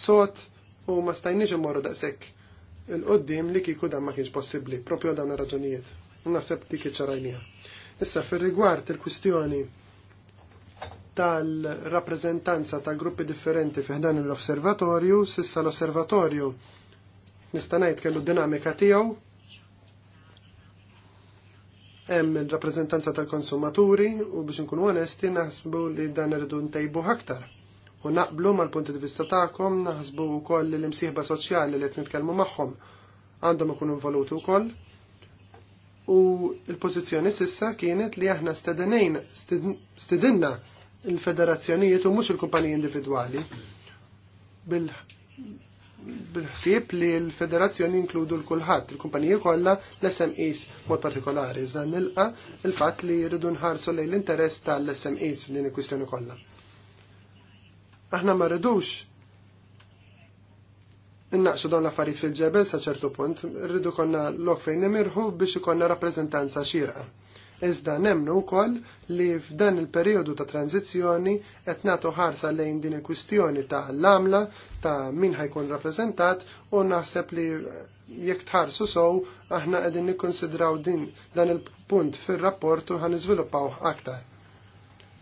sot u ma stajniex immorru daqshekk il-qoddim li kiku dan ma kienx possibbli, propju dawn ir-raġunijiet. Naħseb dik iċċarajnija. Issa fir rigward il-kwistjoni tal-rappreżentanza ta' gruppi differenti fiħdan l-osservatorju, sissa l-osservatorju nista' ngħid kellu dinamika tiegħu hemm il-rappreżentanza tal-konsumaturi u biex nkun onesti naħsbu li dan irridu ntejbu aktar. U naqblu mal-punti di vista tagħkom naħsbu wkoll l-imsieħba soċjali li qed nitkellmu magħhom għandhom ikunu involuti wkoll u l-pożizzjoni sissa kienet li aħna stedenejn stedinna il-federazzjonijiet u mhux il-kumpaniji individwali bil-ħsieb li l-federazzjoni inkludu l-kulħadd, il-kumpaniji kollha l-SMEs mod partikolari, iżda nilqa il-fatt li jridu nħarsu lejn l-interess tal-SMEs f'din il-kwistjoni kollha. Aħna ma rridux innaqsu dawn l-affarijiet fil-ġebel sa ċertu punt, rridu konna lok fejn nimirħu biex ikonna rappreżentanza xira. Iżda nemnu wkoll li f'dan il-perjodu ta' tranzizzjoni qed nagħtu ħarsa lejn din il-kwistjoni ta' l amla ta' min ħajkun rappreżentat u naħseb li jekk tħarsu sow aħna qegħdin nikkonsidraw din dan il-punt fir-rapport u ħaniżviluppaw aktar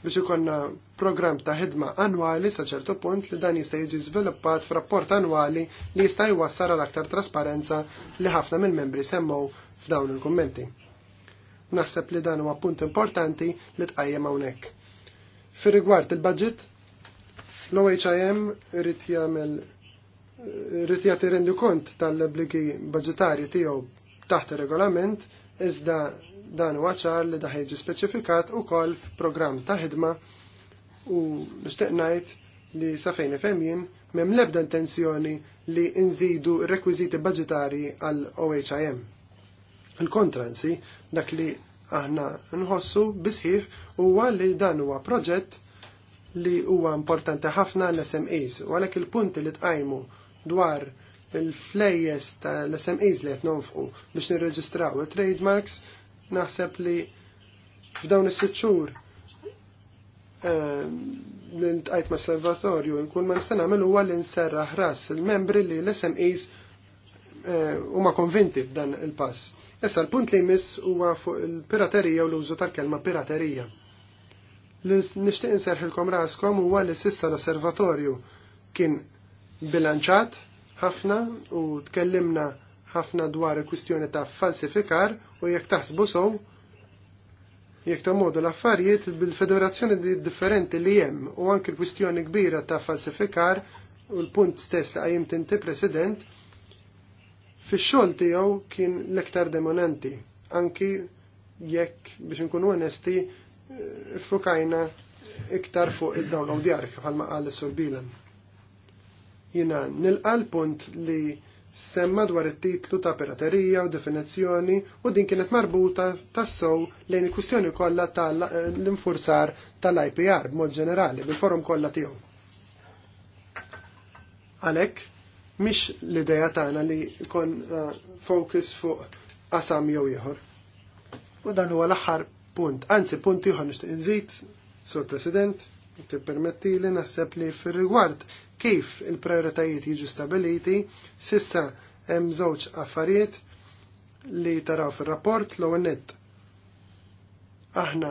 biex ikonna program ta' ħidma annwali sa' ċertu punt li dan jista' jiġi żviluppat f'rapport annwali li jista' jwassar għal aktar trasparenza li ħafna mill-membri semmow f'dawn il-kummenti. Naħseb li dan huwa punt importanti li tqajjem hawnhekk. Fi rigward il-budget, l-OHIM rrit jagħmel rrit jagħti rendi kont tal-obbligi budgetarji tiegħu taħt ir-regolament iżda dan huwa ċar li daħħeġi speċifikat ukoll f'programm ta' ħidma u nishtiqnajt ngħid li safejni femjien ifhem jien m'hemm l-ebda intenzjoni li nżidu rekwiziti rekwiżiti għal OHIM. Il-kontranzi dak li aħna nħossu bisħiħ huwa li dan huwa proġett li huwa importanti ħafna l-SMEs u għalhekk il-punti li tqajmu dwar il-flejjes tal-SMEs li qed nonfqu biex nirreġistraw il-trademarks naħseb li f'dawn is sitxur ehm, li ntqajt ma' Salvatorju nkun ma nistan nagħmel huwa li nserraħ ras il-membri li l-SMEs eh, huma konvinti f'dan il-pass. Issa l-punt li jmiss huwa fuq il-piraterija u l-użu tal-kelma piraterija. Nixtieq inserħilkom raskom huwa li sissa l-osservatorju kien bilanċat ħafna u tkellimna ħafna dwar il-kwistjoni ta' falsifikar u jekk taħsbu sow jekk ta' modu l-affarijiet bil-federazzjoni differenti li hemm u anke l-kwistjoni kbira ta' falsifikar u l-punt stess li jem tinti President fix-xogħol tiegħu kien l-iktar demonanti anki jekk biex nkunu onesti fukajna iktar fuq id-dawl awdjar bħalma qal is-Sur Bilan. Jiena nilqa punt li semma dwar it-titlu ta' piraterija u definizzjoni u din kienet marbuta tas-sow lejn il-kustjoni kollha tal-infurzar eh, tal-IPR b'mod ġenerali bil-forum kollha tiegħu. Għalhekk mhix l-idea tagħna li kon eh, focus fuq qasam jew ieħor. U dan huwa l-aħħar punt, anzi punt ieħor nixtieq inżid, Sur President, tippermetti li naħseb li fir-rigward kif il-prioritajiet jiġu stabiliti, sissa hemm żewġ affarijiet li taraw fir-rapport l net. Aħna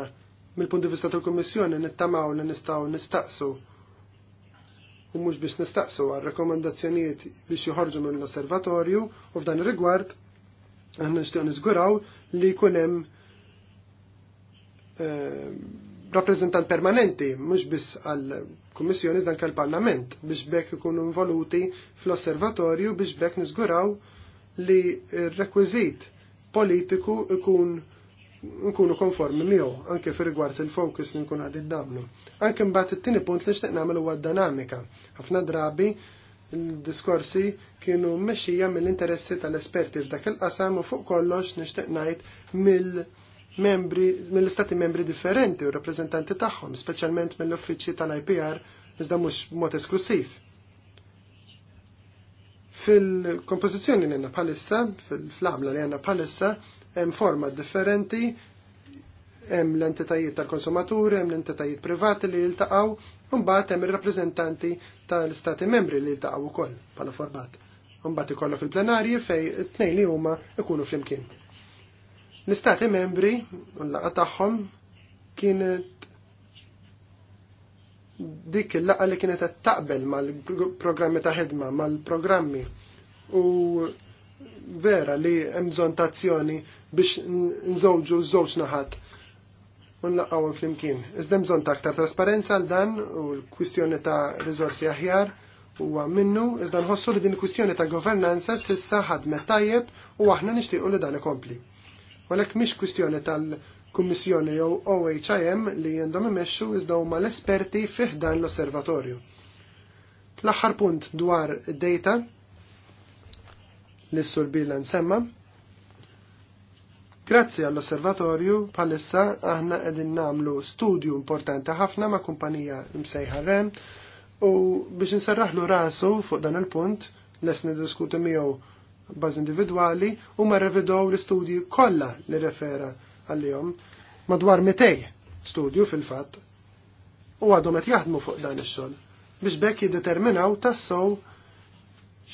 mill-punt di vista tal-Kummissjoni nittamaw li nistgħu nistaqsu u mhux biex nistaqsu għal rekomendazzjonijiet biex joħorġu mill-osservatorju u f'dan ir-rigward aħna nixtieq niżguraw li jkun hemm eh, rappresentant permanenti, mhux biss għal kummissjoni dan kal-Parlament biex bekk ikunu involuti fl-osservatorju biex bekk niżguraw li r-rekwiżit politiku ikun nkunu konformi miegħu anke fi rigward il-focus li nkun għadin damlu. Anke mbagħad it-tieni punt li xtieq nagħmel huwa dinamika. Ħafna drabi il-diskorsi kienu mexxija mill-interessi tal-esperti f'dak il-qasam u fuq kollox nixtieq ngħid mill- membri, mill-istati membri differenti u rappresentanti tagħhom, speċjalment mill-uffiċċji tal-IPR, iżda mhux mod esklusiv. Fil-kompożizzjoni li għandna bħalissa, fil-flamla li għandna bħalissa, hemm format differenti, hemm l-entitajiet tal-konsumaturi, hemm l-entitajiet privati li jiltaqgħu, u mbagħad hemm ir-rappreżentanti tal-istati membri li jiltaqgħu wkoll bħala format. Mbagħad ikollok fil-plenarji fej it-tnejn li huma ikunu flimkien. L-istati membri, u l-laqa tagħhom kienet dik il-laqa li kienet taqbel mal-programmi ta' ħidma, mal-programmi u vera li hemm bżonn ta' azzjoni biex nżewġu żewġ naħat u nlaqgħu flimkien. Iżda bżonn ta' aktar trasparenza għal dan u l-kwistjoni ta' riżorsi aħjar huwa minnu iżda nħossu li din il-kwistjoni ta' governanza s'issa ħadmet tajjeb u aħna nixtiequ li dan ikompli. Għalhekk mhix kwistjoni tal-Kummissjoni jew OHIM li jendom imexxu iżda huma l-esperti fih dan l-osservatorju. L-aħħar punt dwar data li s-sur Bilan semma. Grazzi għall-osservatorju palissa aħna qegħdin namlu studju importanti ħafna ma' kumpanija msejħa REM u biex nserraħlu rasu fuq dan il-punt lesni diskuti miegħu baz individwali u ma revidow l-istudju kollha li refera għalihom madwar Mitej studju fil-fatt u għadhom qed jaħdmu fuq dan ix-xogħol biex bekk jiddeterminaw tassow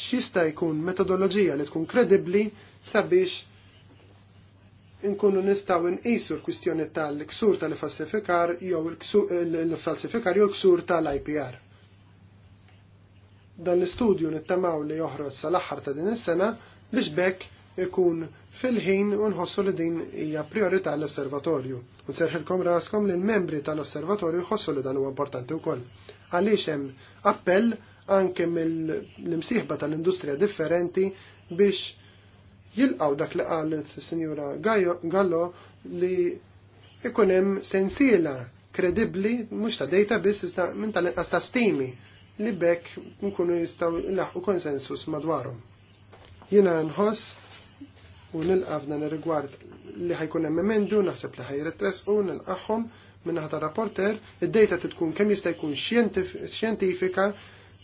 x'jista' jkun metodoloġija li tkun kredibbli sabiex inkunu nistgħu nqisu l-kwistjoni tal-ksur tal-falsifikar jew il-falsifikar jew l-ksur tal-IPR. Dan l-istudju nittamaw li joħroġ sal-aħħar ta' din is-sena biex bekk ikun fil-ħin u nħossu li din hija priorità l-osservatorju. U nserħilkom raskom li l-membri tal-osservatorju jħossu li dan huwa importanti wkoll. Għaliex hemm appell anke mill-imsieħba tal-industrija differenti biex jilqaw dak li qalet sinjura Gallo li ikun hemm sensiela kredibbli mhux ta' data biss iżda minn tal-inqas ta' stimi li bekk nkunu jistaw laħu konsensus madwarhom. Jiena nħoss u nilqa f'dan ir-rigward li ħajkun hemm emendu, naħseb li nil nilqaħħom minnaħa ta' rapporter, id-dejta tkun kemm jista' jkun xjentifika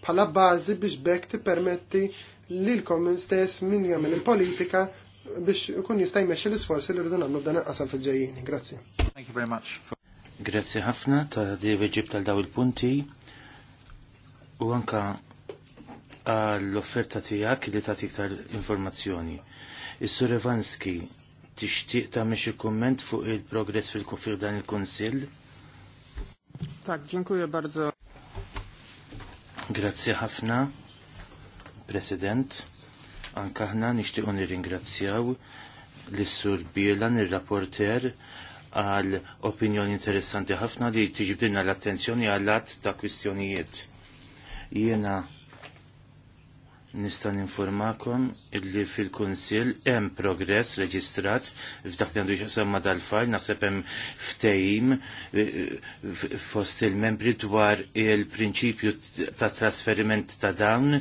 bħala bażi biex bekk tippermetti lilkom stess min jagħmel il-politika biex ikun jista' jmexxi l-isforzi li rridu nagħmlu f'dan il-qasam fil-ġejjin. Grazzi. Thank you very much. Grazzi ħafna ta' di ġib tal daw il-punti u anka għall-offerta tijak li ta' tiktar informazzjoni. Is-Sur Evanski tixtieq ta' xi kumment fuq il-progress fil-kufir dan il-Kunsill? Tak, dziękuję bardzo. Grazzi ħafna, President. Anka ħna nixtiequ nirringrazzjaw l-Sur Bielan, il-rapporter, għal opinjoni interessanti ħafna li tiġbdilna l-attenzjoni għal att ta' kwistjonijiet Jiena nista' ninformakom illi fil-Kunsill hemm progress reġistrat f'dak li għandu jsemma dal-fall naħseb hemm ftehim eh, eh, fost il-membri dwar il-prinċipju ta' trasferiment ta' dawn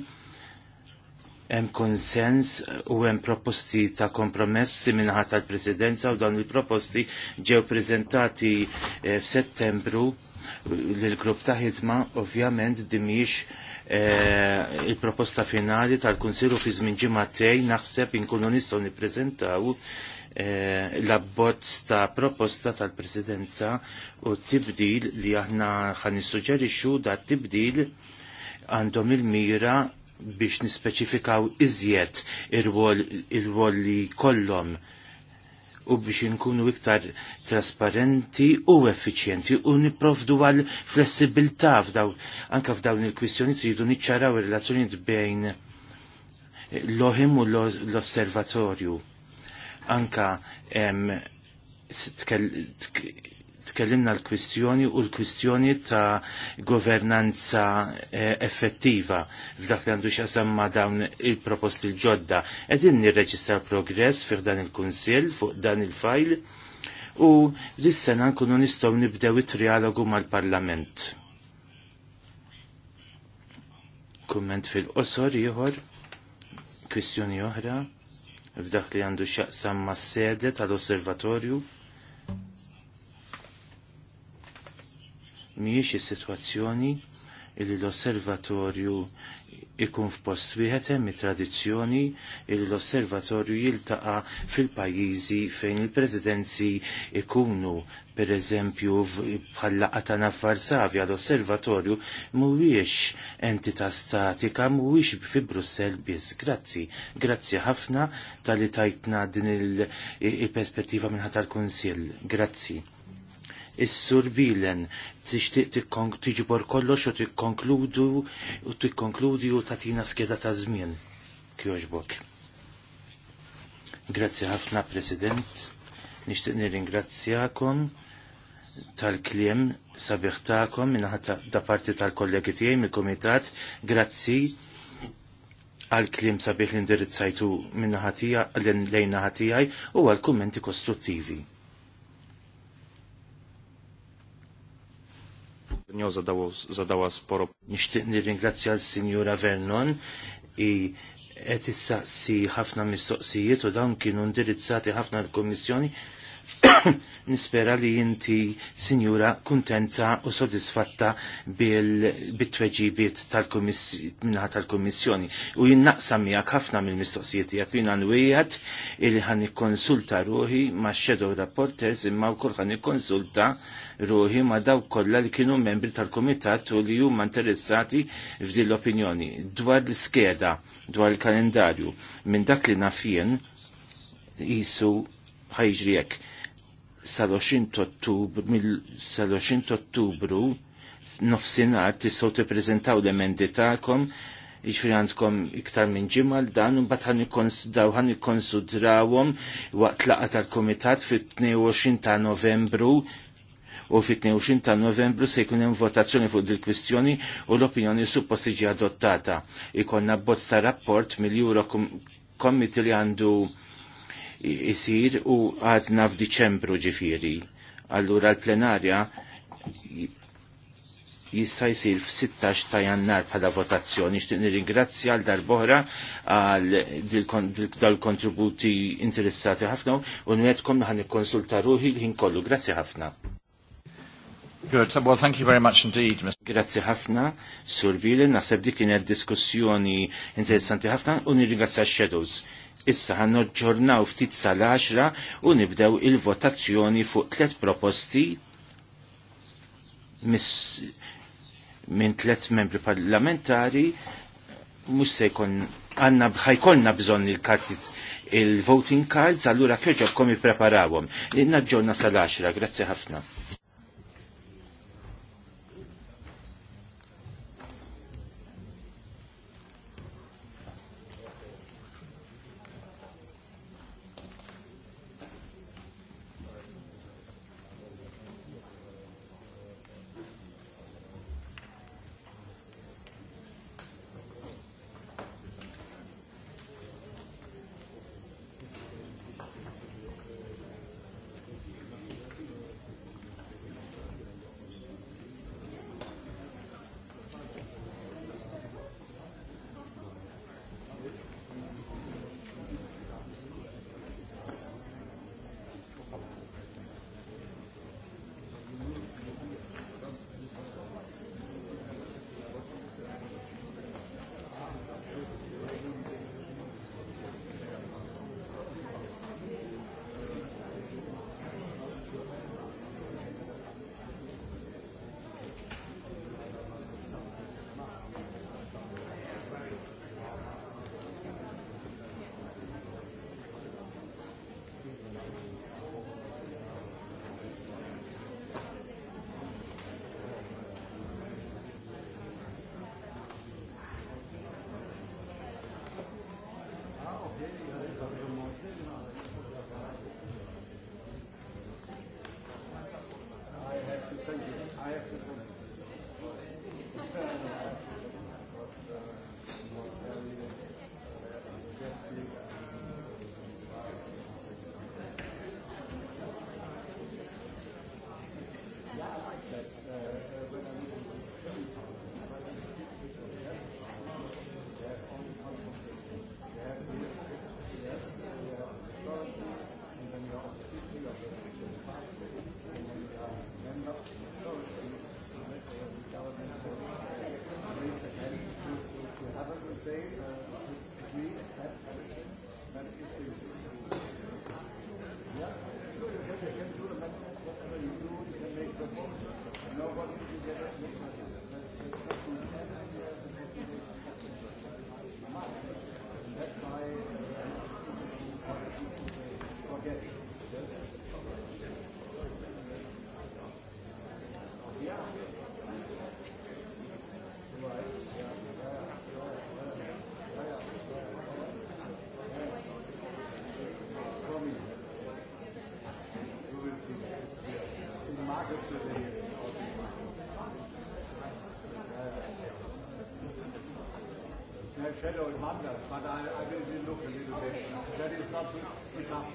hemm konsens uh, u hemm proposti ta' kompromessi minħat tal-Presidenza u dan il-proposti ġew preżentati eh, f'Settembru uh, lill-grupp ta' ħidma ovvjament dimiex eh, il-proposta finali tal u fi żmien ġimgħatej naħseb inkunu nistgħu nippreżentaw eh, l-abbozz ta' proposta tal-Presidenza u t-tibdil li aħna ħan nissuġġerixxu da' tibdil għandhom il-mira biex nispeċifikaw iżjed il wol li kollom u biex inkunu iktar trasparenti u effiċjenti u niprofdu għal flessibilità f'daw anka f'dawn il-kwistjoni tridu niċċaraw ir-relazzjonijiet bejn l ohim u l-osservatorju. Anka tkellimna l-kwistjoni u l-kwistjoni ta' governanza eh, effettiva f'dak li għandu xasamma dawn il-proposti l-ġodda. Edin nirreġistra progress fir dan il-Kunsil fuq dan il-fajl u dis-sena nkunu nistgħu nibdew it-trialogu mal-Parlament. Kumment fil-qosor ieħor, kwistjoni oħra, f'dak li għandu xaqsam s sede tal-osservatorju mhijiex is-sitwazzjoni illi l-osservatorju ikun f'post wieħed hemm tradizzjoni illi l-osservatorju jiltaqa fil-pajjiżi fejn il-presidenzi ikunu pereżempju bħalla qatana f'Varsavja l-osservatorju mhuwiex entità statika mhuwiex fi Brussell biss. Grazzi, grazzi ħafna tal-li tajtna din il-perspettiva minħa tal-Kunsill. Grazzi. Is-sur Bilen tixtieq tiġbor kollox u tikkonkludu u tikkonkludi u tatina skeda ta' żmien. Kjoġbok. Grazzi ħafna President, nixtieq nirringrazzjakom tal-kliem sabiħ tagħkom ħata da parti tal-kollegi tiegħi mill-kumitat. Grazzi għal kliem sabiħ l-indirizzajtu minna ħatija l-lejna ħatijaj u għal kummenti kostruttivi. Njo zadawa sporo. Nishtiq nirringrazzja l signora Vernon i qed issaqsi ħafna mistoqsijiet u dawn kienu indirizzati ħafna l komissjoni nispera li jinti, sinjura, kuntenta u sodisfatta bil-tweġibiet minnaħat tal-Komissjoni. U jinnaqsam miegħek ħafna mill-mistoqsijiet tiegħek jien għanwijat illi ħan ikkonsulta ruħi ma' shadow rapporters imma kol ħan ikkonsulta ruħi ma' daw kollha li kienu membri tal-Kumitat u li huma interessati f'din l-opinjoni dwar l-iskeda, dwar il-kalendarju. Minn dak li nafjen jisu ħajġri sal-20 ottubru, sal-20 ottubru, nofsinar tistaw tippreżentaw l-emendi tagħkom, jiġri għandkom iktar minn ġimgħa dan un bat ħan ikkonsidrawhom waqt laqa tal-Komitat fit-22 ta' Novembru u fit-22 ta' novembru se jkun hemm votazzjoni fuq il kwistjoni u l-opinjoni suppost tiġi adottata. Ikonna bozz ta' rapport mill-Euro Committee li għandu isir u għadna f'Diċembru ġifiri. Allura l-plenarja jista' jsir 16 ta' jannar bħala votazzjoni. Nixtieq nirringrazzja għal darbohra għal dal-kontributi interessati ħafna u n-għedkom naħan nikkonsulta ruħi l-ħin kollu. Grazzi ħafna. Good. Well, thank you very much indeed, Mr. Grazie ħafna, Sur Bilin. Naseb dik kienet diskussjoni interessanti ħafna u nirringrazzja Shadows. Issa ħan ftit sal-10 u nibdew il-votazzjoni fuq tliet proposti minn tliet membri parlamentari mhux se jkun għandna ħajkollna bżonn il-kartit il-voting cards, allura kjoġobkom i-preparawom. Naġġorna sal-10, grazie ħafna. shadow is Mandas, but I, I will look a little That is not enough.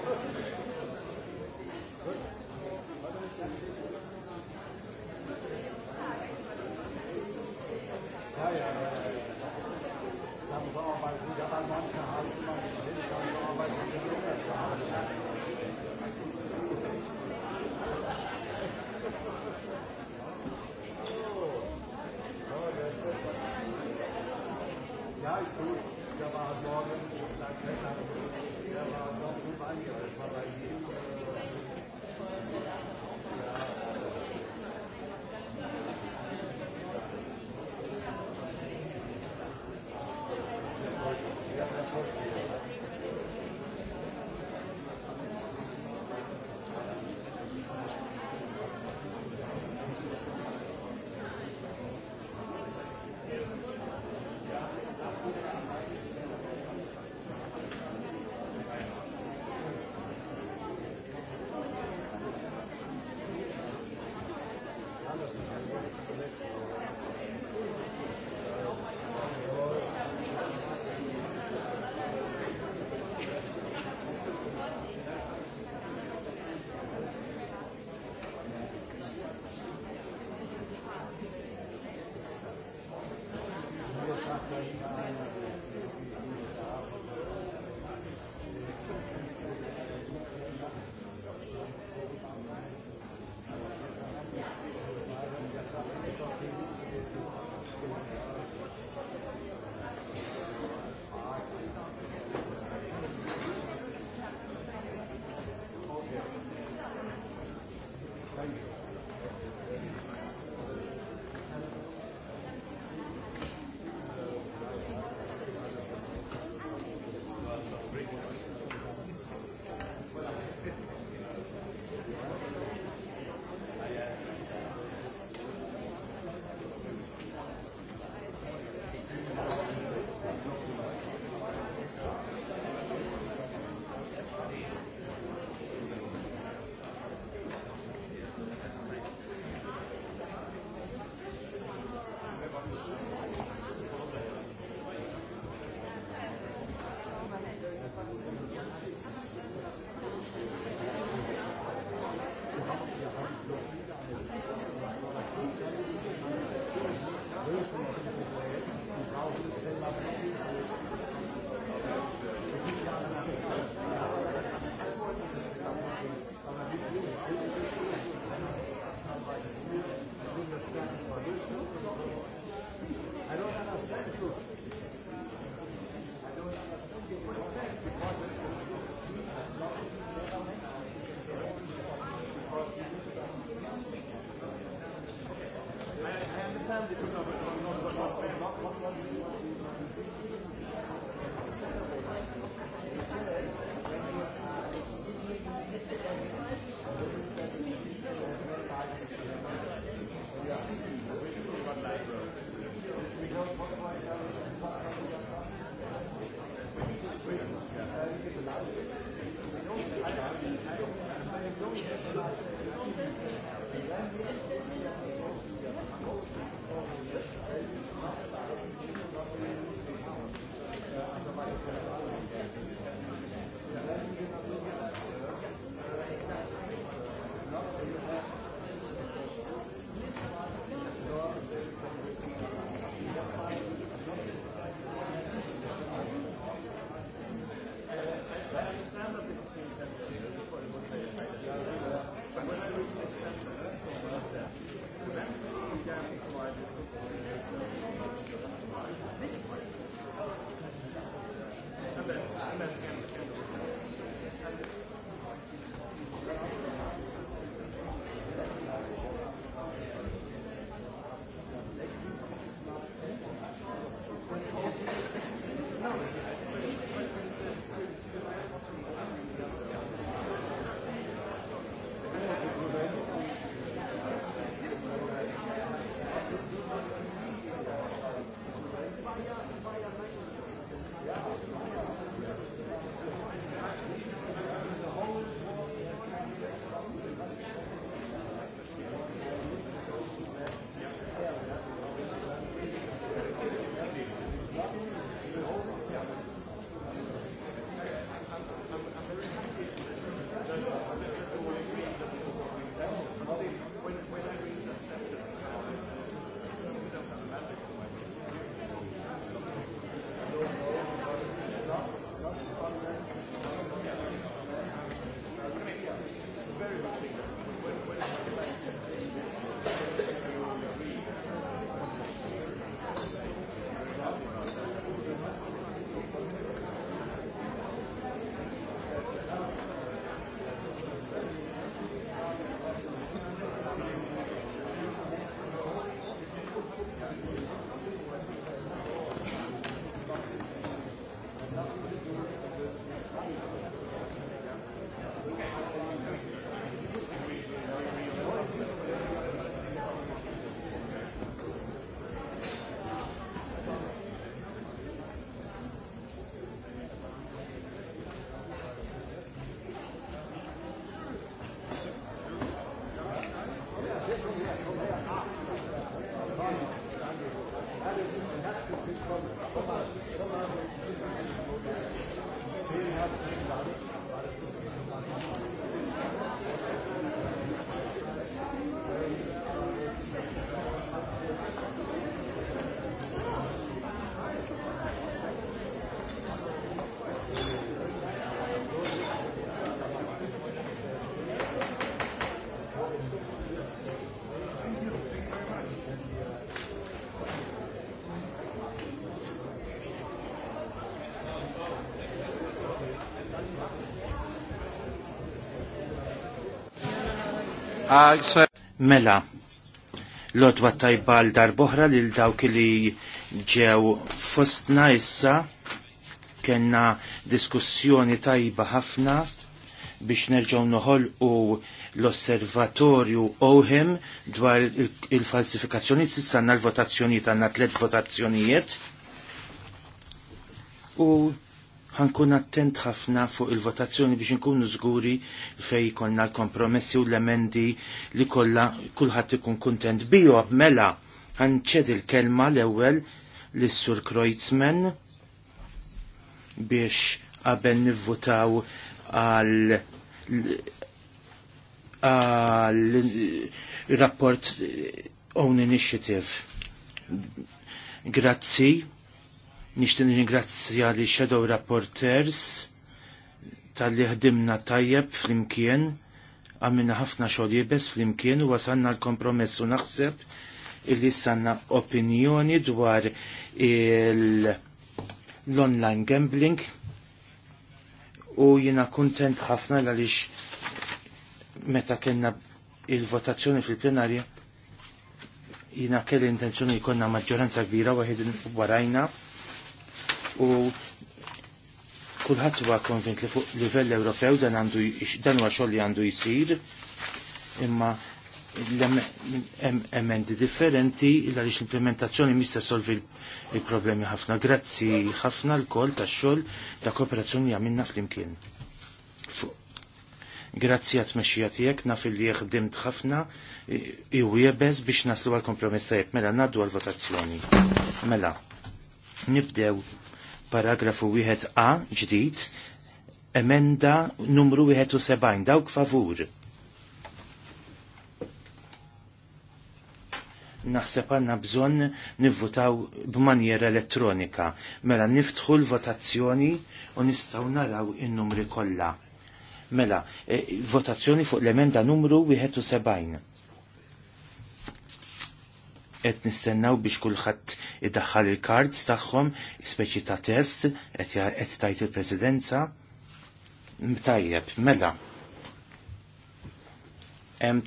Mela, lodwa tajba l darboħra lil dawk li ġew fostna issa kena diskussjoni tajba ħafna biex nerġaw noħol u l-osservatorju oħem dwar il-falsifikazzjoni il sanna l-votazzjoni tanna tlet votazzjonijiet u ħankun attent ħafna fuq il-votazzjoni biex nkunu żguri fej konna l-kompromessi u l-emendi li kolla kulħadd ikun kuntent biju mela ħanċed il-kelma l-ewwel lis-Sur Kreutzmann biex qabel nivvutaw għal għal rapport own initiative. Grazzi Nishtin ringrazzja li Shadow Rapporters tal-li ħdimna tajjeb flimkien, għamilna ħafna xogħol jibes flimkien u wasanna l-kompromess u naħseb illi sanna opinjoni dwar l-online gambling u jina kontent ħafna għaliex meta kellna il-votazzjoni fil-plenarja jina kelli intenzjoni jkollna maġġoranza kbira waħed warajna u kulħadd huwa konvint li fuq livell Ewropew dan għandu dan huwa xogħol li għandu jsir imma l-emendi differenti għaliex l-implementazzjoni mista solvi il-problemi ħafna. Grazzi ħafna l-kol ta' xogħol ta' kooperazzjoni għamilna fl-imkien. Grazzi għat meċxija tijek, naf li jħdimt ħafna, u biex naslu għal kompromiss tajek. Mela, naddu għal votazzjoni. Mela, nibdew paragrafu 1a ġdid, emenda numru 71, dawk favur. Naħseb għanna bżon nivvutaw b'manjera elettronika, mela niftħu l-votazzjoni u nistaw naraw in-numri kollha. Mela, eh, votazzjoni fuq l-emenda numru 71 qed nistennaw biex kulħadd iddaħħal il-kards tagħhom, speċi ta' test qed tajt il-presidenza. Mtajjeb, mela. Hemm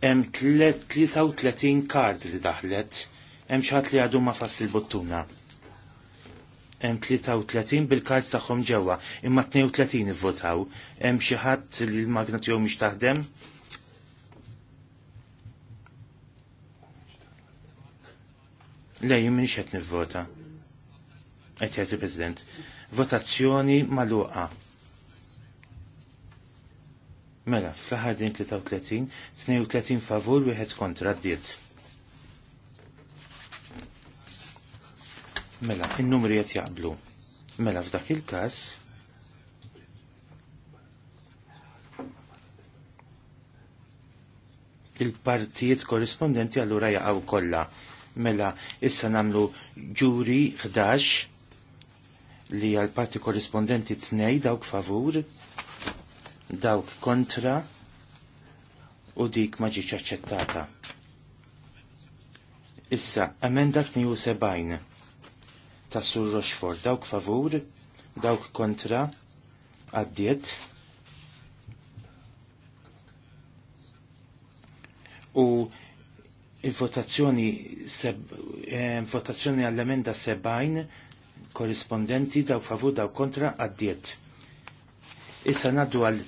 hemm 33 kard li daħlet, hemm xi ħadd li għadu ma fass il-buttuna. Hemm 33 bil-kards tagħhom ġewwa, imma 32 ivvotaw. Hemm xi ħadd li l-magna tiegħu mhix taħdem? jim minn jett nivvota. Għet jgħati President. Votazzjoni maluqa. Mela, fl-ħar din 33, 32 favur, wieħed kontra d-diet. Mela, il-numri jgħat jaqblu. Mela, f'dak il-kas, il-partijiet korrispondenti għallura jaqaw kolla. Mela, issa namlu ġuri 11 li għal-parti korrespondenti t-nej dawk favur, dawk kontra u dik maġiċ aċċettata. Issa, emenda 72 ta' Sur Rochefort, dawk favur, dawk kontra, għaddiet. U il-votazzjoni seb, eh, votazzjoni għall-emenda sebajn korrispondenti daw favur daw kontra għaddiet. Issa naddu għal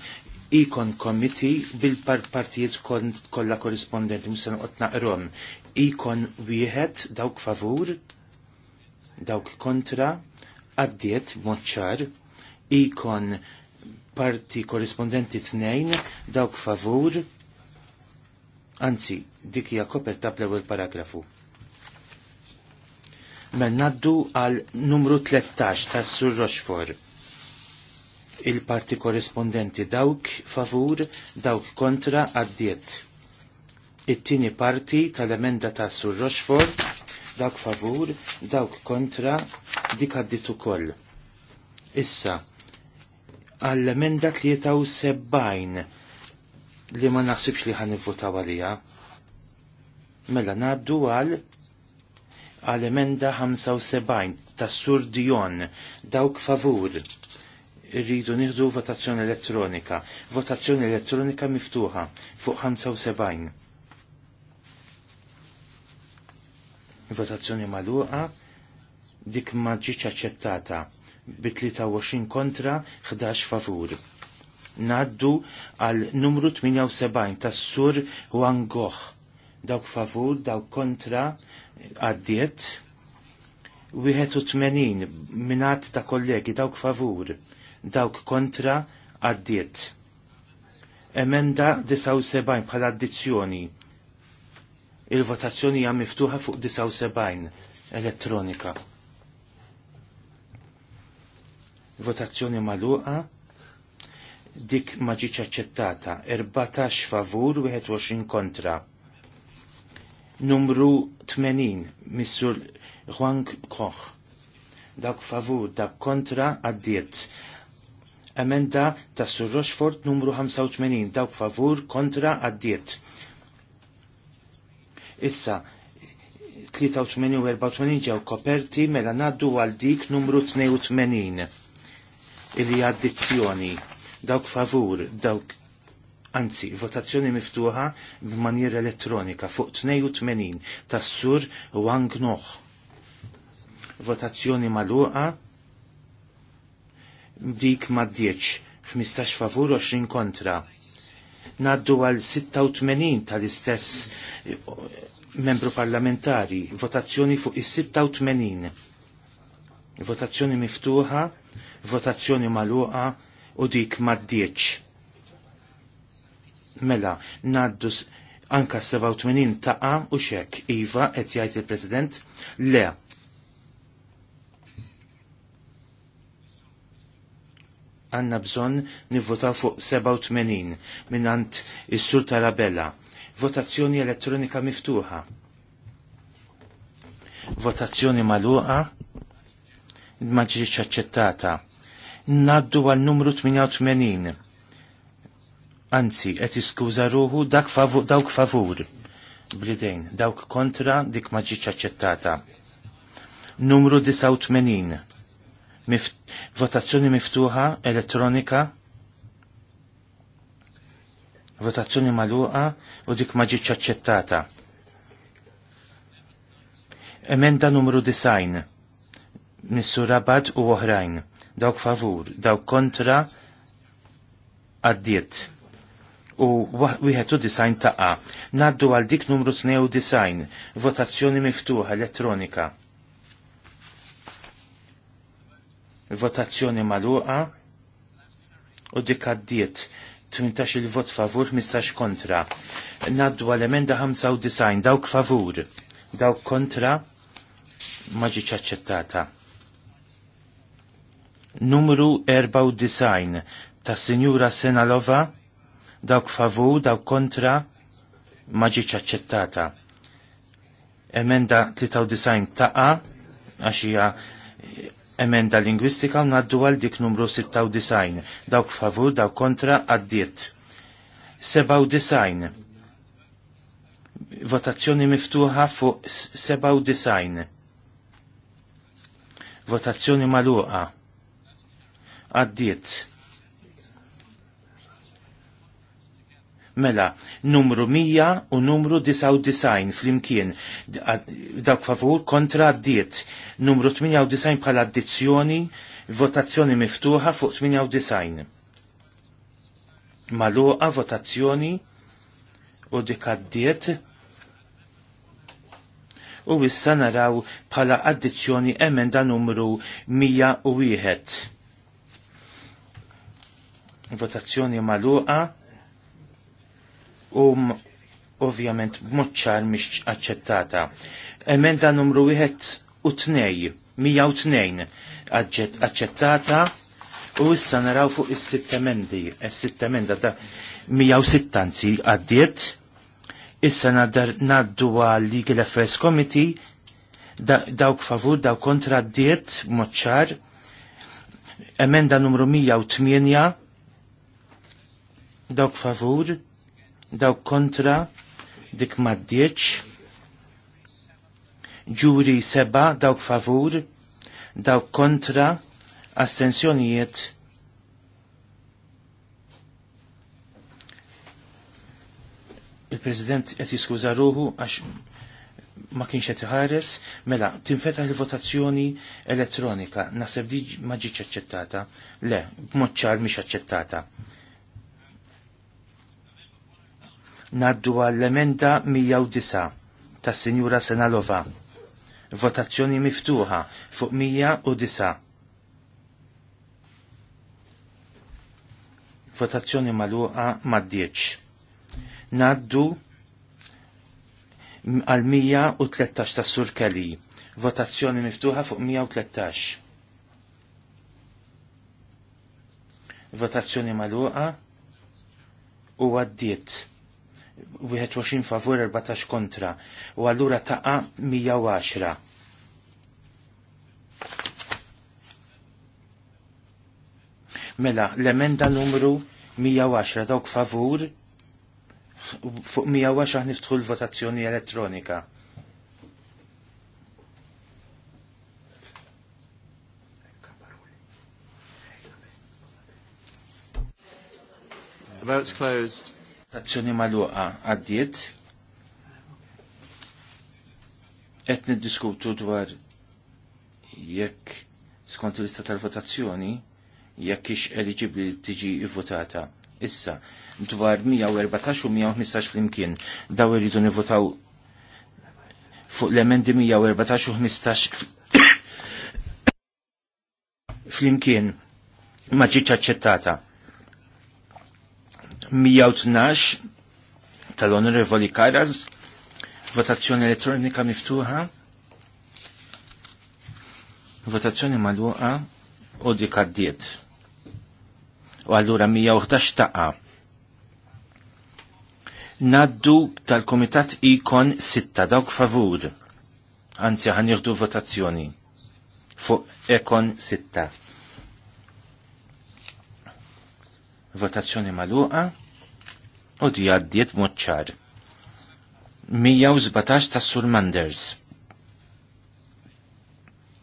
ikon Committee bil-partijiet kollha korrispondenti, musan qotna rom. Ikon wieħed dawk favur, dawk kontra, għaddiet moċċar, ikon parti korrispondenti tnejn, dawk favur, anzi, dik hija koperta bl-ewwel paragrafu. Men mela naddu għal numru 13 tas Sur Rochefort. Il-parti korrispondenti dawk favur, dawk kontra għaddiet. It-tieni parti tal-emenda ta' Sur Rochefort, dawk favur, dawk kontra, dik għaddiet ukoll. Issa, għall-emenda 73 li ma naħsibx li ħan votaw għalija, Mela naddu għal għal emenda 75 tas Sur Dion dawk favur irridu nieħdu votazzjoni elettronika. Votazzjoni elettronika miftuħa fuq 75. Votazzjoni magħluqa dik ma ġietx aċċettata bi 23 kontra 11 favur. Naddu għal numru 78 tas-sur Wang Gogh dawk favur, dawk kontra, għaddiet. tmenin minat ta' kollegi dawk favur, dawk kontra, għaddiet. Emenda 79 bħala addizzjoni. Il-votazzjoni hija miftuħa fuq 79 elettronika. Votazzjoni magħluqa dik ma ġiċ aċċettata 14 favur 21 kontra numru 80 Missur Juan Koch. Dak favur, dak kontra għaddiet. Emenda ta' Sur Rochefort numru 85 dak favur kontra għaddiet. Issa, 83 u 84 ġew koperti mela naddu għal dik numru 82 il-li addizzjoni dawk favur, dawk anzi votazzjoni miftuħa b'manjer elettronika fuq 82 tas-sur Wang Noh. Votazzjoni maluqa dik ma' 10, 15 favur 20 kontra. Naddu għal 86 tal-istess eh, membru parlamentari, votazzjoni fuq is-86. Votazzjoni miftuħa, votazzjoni maluqa u dik ma' 10. Mela, naddus anka 87 taqa u xek. Iva, et jajt il-President, le. Għanna bżon nivvota fuq 87 minnant il-Sur Tarabella. Votazzjoni elettronika miftuħa. Votazzjoni maluqa maġriċ aċċettata. Naddu għal numru 88 anzi qed iskuza ruħu dak favu, dawk favur blidejn, dawk kontra dik ma ġietx aċċettata. Numru 89. mif votazzjoni miftuħa elettronika. Votazzjoni magħluqa u dik ma ġietx aċċettata. Emenda numru 9. Missura bad u oħrajn. Dawk favur, dawk kontra għaddiet u wieħed u design taqa. Naddu għal dik numru 92, votazzjoni miftuħa elettronika. Votazzjoni maluqa u dik għaddiet 18 il-vot favur, 15 kontra. Naddu għal emenda 95, dawk favur, dawk kontra, maġi aċċettata. Numru 94 ta' Sinjura Senalova, dawk favu, dawk kontra, ma ġiċ aċċettata. Emenda 93 taqa, għaxija eh, emenda lingwistika u naddu għal dik numru 96, dawk favur, dawk kontra, għaddiet. 97, votazzjoni miftuħa fuq 97, votazzjoni maluqa, għaddiet. mela numru 100 u numru 99 flimkien dawk favur kontra addiet numru 98 bħala addizzjoni votazzjoni miftuħa fuq 98 maluqa votazzjoni u dik addiet u issa naraw bħala addizzjoni emenda numru 101 votazzjoni maluqa u ovvjament moċċar mhix aċċettata. Emenda numru wieħed u tnej, mija u tnejn aċċettata u issa naraw fuq is-sitt emendi, is-sitt emenda ta' mija u sittanzi għaddiet, issa nadar naddu għal Legal Affairs Committee dawk favur, dawk kontra għaddiet moċċar, emenda numru 108, dawk favur, daw kontra dik maddieċ, ġuri seba dawk favur, dawk kontra, astensjonijiet. Il-President qed jiskuża ruħu għax ma kienx qed iħares, mela tinfetaħ il-votazzjoni elettronika, naħseb di ma ġietx aċċettata. Le, b'mod ċar mhix aċċettata. Naddu għall-emenda 109 ta' Sinjura Senalova. Votazzjoni miftuħa fuq 109. Votazzjoni maluqa maddieċ. Naddu għal 113 ta' Sur Kelly. Votazzjoni miftuħa fuq 113. Votazzjoni maluqa u għaddiet 21 favur 14 kontra u allura taqa 110. Mela, l-emenda numru 110 dawk favur fuq 110 niftħu l-votazzjoni elettronika. The vote's closed. Tazzjoni maluqa għaddiet. Qed niddiskutu dwar jekk skont il-lista tal-votazzjoni jekk ix eligibli tiġi votata. Issa, dwar 114 u 115 flimkien, daw irridu nivotaw fuq l-emendi 114 u 15 flimkien ma ġiċ aċċettata. 112 tal-Onorevoli Karas, votazzjoni elettronika miftuħa, votazzjoni madwuqa u dikaddiet. U allura 111 taqa. Naddu tal-Komitat ikon 6 dawk favur. Anzi ħan votazzjoni fuq ekon 6. Votazzjoni maluqa u di għaddiet moċċar. 117 ta' Sur Manders.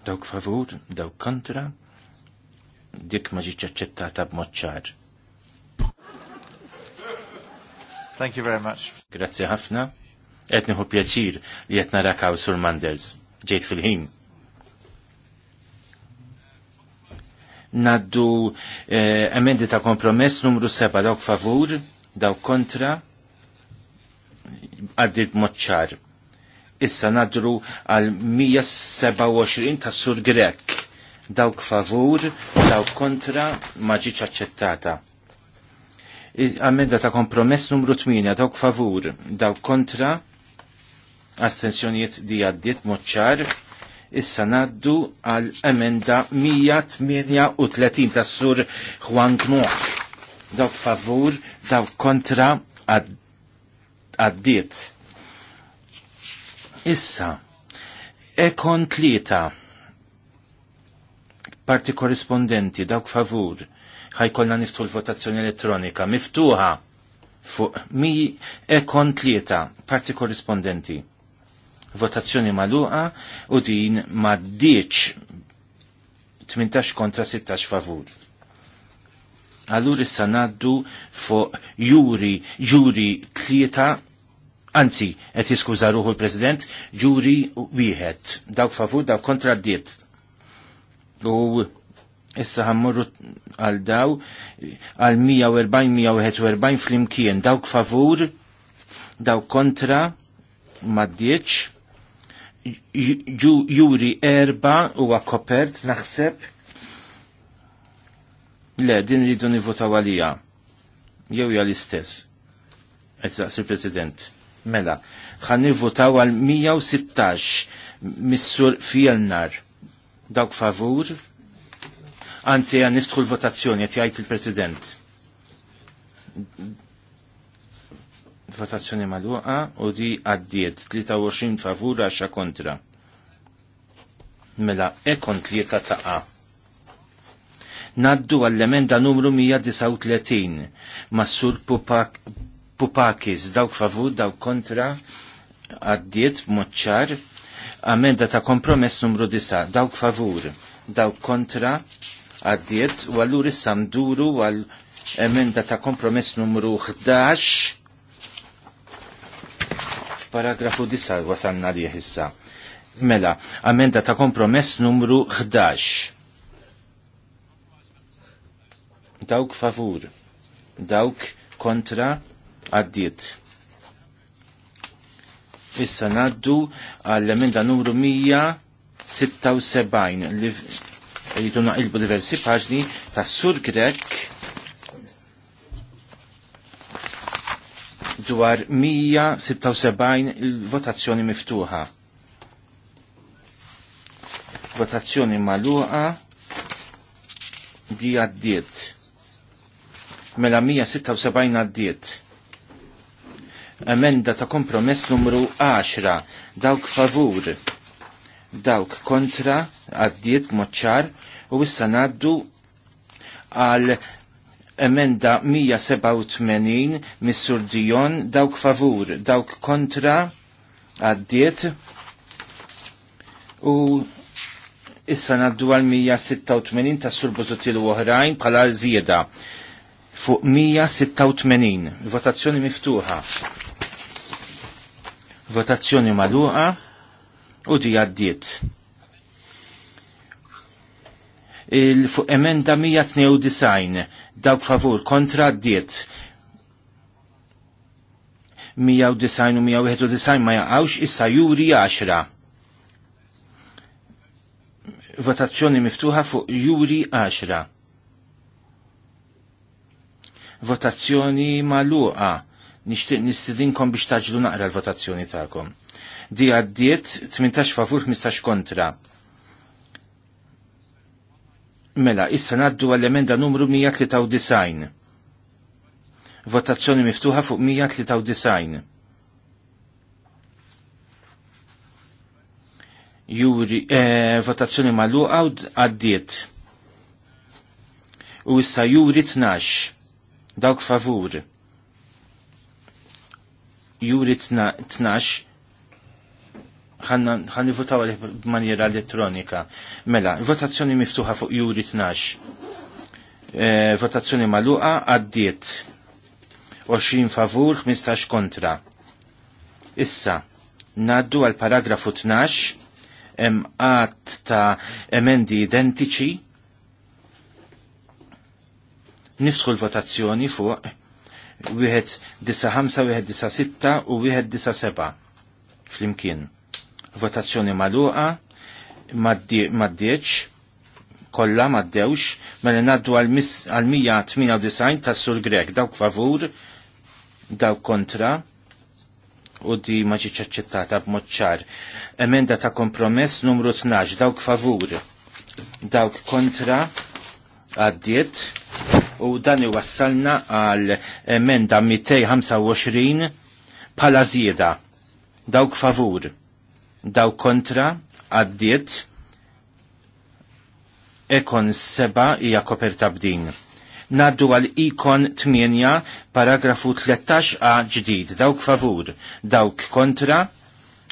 Dawk favur, dawk kontra, dik ma ġiċ aċċettata b'moċċar. Thank you very much. Grazzi ħafna. Qed nieħu pjaċir li qed rakaw Sur Manders. Ġejt fil-ħin. Naddu eh, emendi ta' kompromess numru 7 dawk favur, daw kontra għaddit moċċar. Issa nadru għal 127 ta' sur grek. Dawk favur, dawk kontra maġiċ aċċettata. Għamenda ta' kompromess numru 8, dawk favur, dawk kontra, astensjoniet di għaddit moċċar, issa naddu għal emenda 138 ta' sur Juan Gnuħ dawk favur, dawk kontra għaddiet. Issa, ekon tlieta parti korrespondenti dawk favur ħajkollna niftu l-votazzjoni elettronika miftuħa fuq mi ekon tlieta parti korrispondenti votazzjoni maluqa u din ma' 18 kontra 16 favur. Allura issa naddu fuq juri, juri tlieta, anzi, qed jiskuża ruħu l-President, juri wieħed, dawk favur, dawk kontra d-diet. U issa ħammurru għal daw għal 140-141 flimkien, dawk favur, dawk kontra, maddieċ, juri erba u għakopert, naħseb, Le, din rridu nivotaw għalija. Jew hija l-istess. Qed saqsi President. Mela, ħan nivotaw għal 116 missur fjellnar. Dawk favur. Anzi, għan niftħu l-votazzjoni qed jgħid il-President. Votazzjoni magħluqa u di għaddiet 23 favur 10 kontra. Mela, e kont li ta' ta' Naddu għall-emenda numru 139 mas-sur Pupak, Pupakis dawk favur dawk kontra għaddiet moċċar amenda ta' kompromess numru 9 dawk favur dawk kontra għaddiet u għallur issa mduru għal emenda ta' kompromess numru 11 f'paragrafu 9 wasanna li issa. Mela, amenda ta' kompromess numru 11. dawk favur, dawk kontra għaddiet. Issa naddu għall-emenda numru 176 li jitun naqilbu diversi paġni tas sur grek dwar 176 il-votazzjoni miftuħa. Votazzjoni maluqa di għaddiet mela 176 għaddiet. Emenda ta' kompromess numru 10, dawk favur, dawk kontra għaddiet moċċar u issa naddu għal emenda 187 missur Dion, dawk favur, dawk kontra għaddiet u issa naddu għal 186 ta' surbużutil u oħrajn bħala l-zieda fuq 186. Votazzjoni miftuħa. Votazzjoni maluqa u di għaddiet. Fuq emenda 192 dawk favur kontra għaddiet. 190 u 191 ma jaqawx issa juri 10. Votazzjoni miftuħa fuq juri 10 votazzjoni maluqa. Nixtieq nistidinkom biex taġlu naqra l-votazzjoni tagħkom. Di għaddiet 18 favur 15 kontra. Mela, issa naddu għall-emenda numru 193. Votazzjoni miftuħa fuq 193. Juri, eh, votazzjoni maluqa għaddiet. U issa juri 12 dawk favur. Juri 12 ħan nivutaw għalih b'manjera elettronika. Mela, votazzjoni miftuħa fuq juri 12. E, votazzjoni maluqa għaddiet. 20 favur, 15 kontra. Issa, naddu għal paragrafu 12, emqat ta' emendi identiċi, nisħu l-votazzjoni fuq wieħed u 1.97 fl-imkien. flimkien. Votazzjoni maluqa, maddieċ, kollha maddewx, mela ngħaddu għal 198 tas-sur Grek, dawk favur, dawk kontra, u di ma ġietx aċċettata b'mod Emenda ta' kompromess numru 12, dawk favur, dawk kontra, għaddiet u dan iwassalna għal emenda 225 bħala zieda. Dawk favur, dawk kontra, għaddiet ekon seba hija koperta b'din. Naddu għal ikon 8 paragrafu 13 a ġdid, dawk favur, dawk kontra,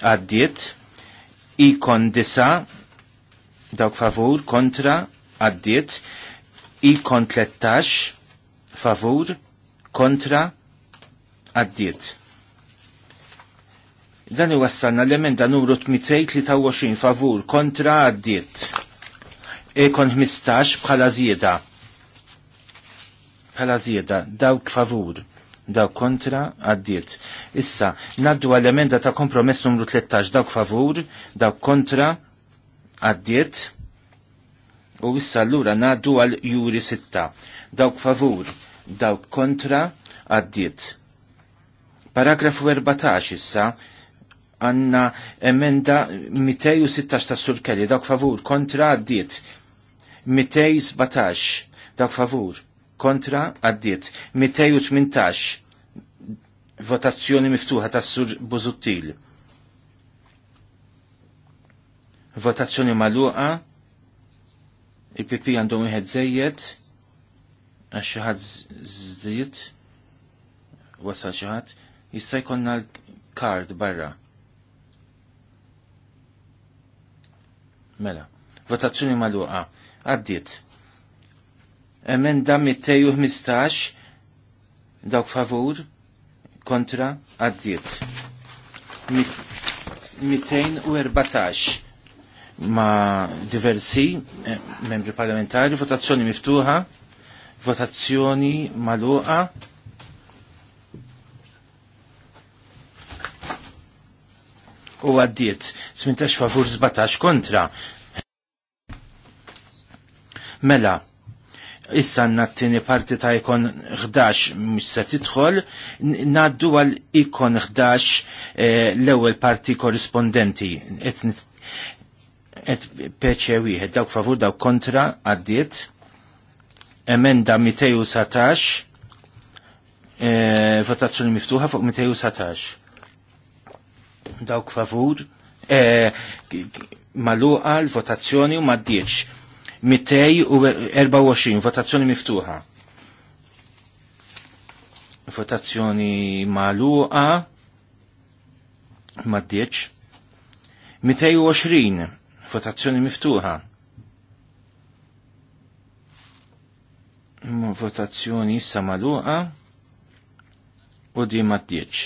għaddiet, ikon disa, dawk favur, kontra, għaddiet, ikon kontlettax favur kontra għaddiet. Dan iwassalna l-emenda numru 323 favur kontra għaddiet. kon 15 bħala zjeda. Bħala zjeda, dawk favur dawk kontra għaddiet. Issa, naddu għall-emenda ta' kompromess numru 13 dawk favur, dawk kontra għaddiet U issa allura ngħaddu għal juri sitta. Dawk favur, dawk kontra, għaddiet. Paragrafu 14 issa għanna emenda 216 ta' Sur Kelly, dawk favur, kontra għaddiet. 217, dawk favur, kontra għaddiet. 218, votazzjoni miftuħa ta' Sur Bozuttil. Votazzjoni maluqa, il-PP għandhom wieħed żejjed għax xi ħadd żdied wasal xi ħadd jista' jkollna l-kard barra. Mela, votazzjoni magħluqa għaddiet. Emenda mittej u dawk favur kontra għaddiet. 214 ma' diversi eh, membri parlamentari, votazzjoni miftuħa, votazzjoni maluqa. U għaddiet, 18 favur 17 kontra. Mela, issa n t parti ta' ikon 11 mux se titħol, naddu għal ikon 11 eh, l-ewel parti korrispondenti, etnit et peċe wieħed dawk favur dawk kontra għaddiet emenda 217 e, votazzjoni miftuħa fuq 217 dawk favur e, maluqa l-votazzjoni u maddieċ 224 votazzjoni miftuħa votazzjoni maluqa maddieċ 220 Votazzjoni miftuħa. Votazzjoni issa maluqa u di ma d-dieċ.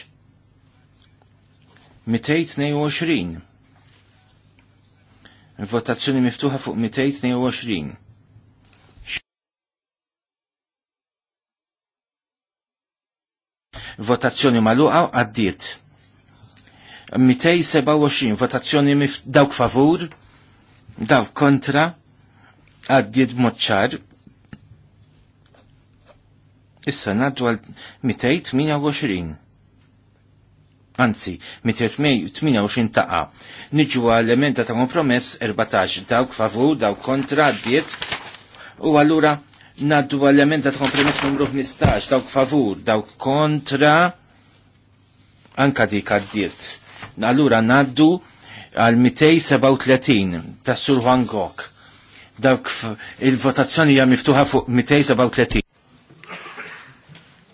Votazzjoni miftuħa fuq 222. votazzjoni maluqa għaddiet. 227 votazzjoni dawk favur, daw kontra għaddiet moċċar issa naddu għal 228 anzi 228 taqa niġu għal emenda ta' kompromess 14 dawk favur dawk kontra għaddiet u għallura naddu għal emenda ta' kompromess numru 15 dawk favur dawk kontra anka dik għaddiet allura naddu għal 237 tas-Sur Van Gok. Dawk il-votazzjoni hija miftuħa fuq 237.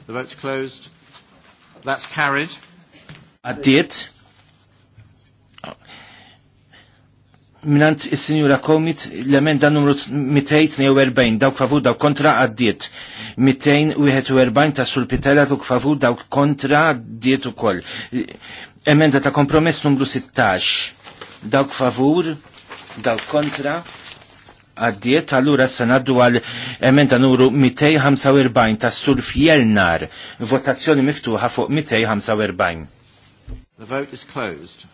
The vote's closed. That's carried. Addiet. Minant il-Sinjura Komit l-emenda numru 242 dawk favur dawk kontra għaddiet. 241 ta' sul Pitela dawk favur dawk kontra għaddiet u koll. Emenda ta' kompromess numru 16 dawk favur, dawk kontra, għaddiet, allura s-sanaddu għal emenda numru 245 ta' sulfjel nar, votazzjoni miftuħa fuq 245. The vote is closed.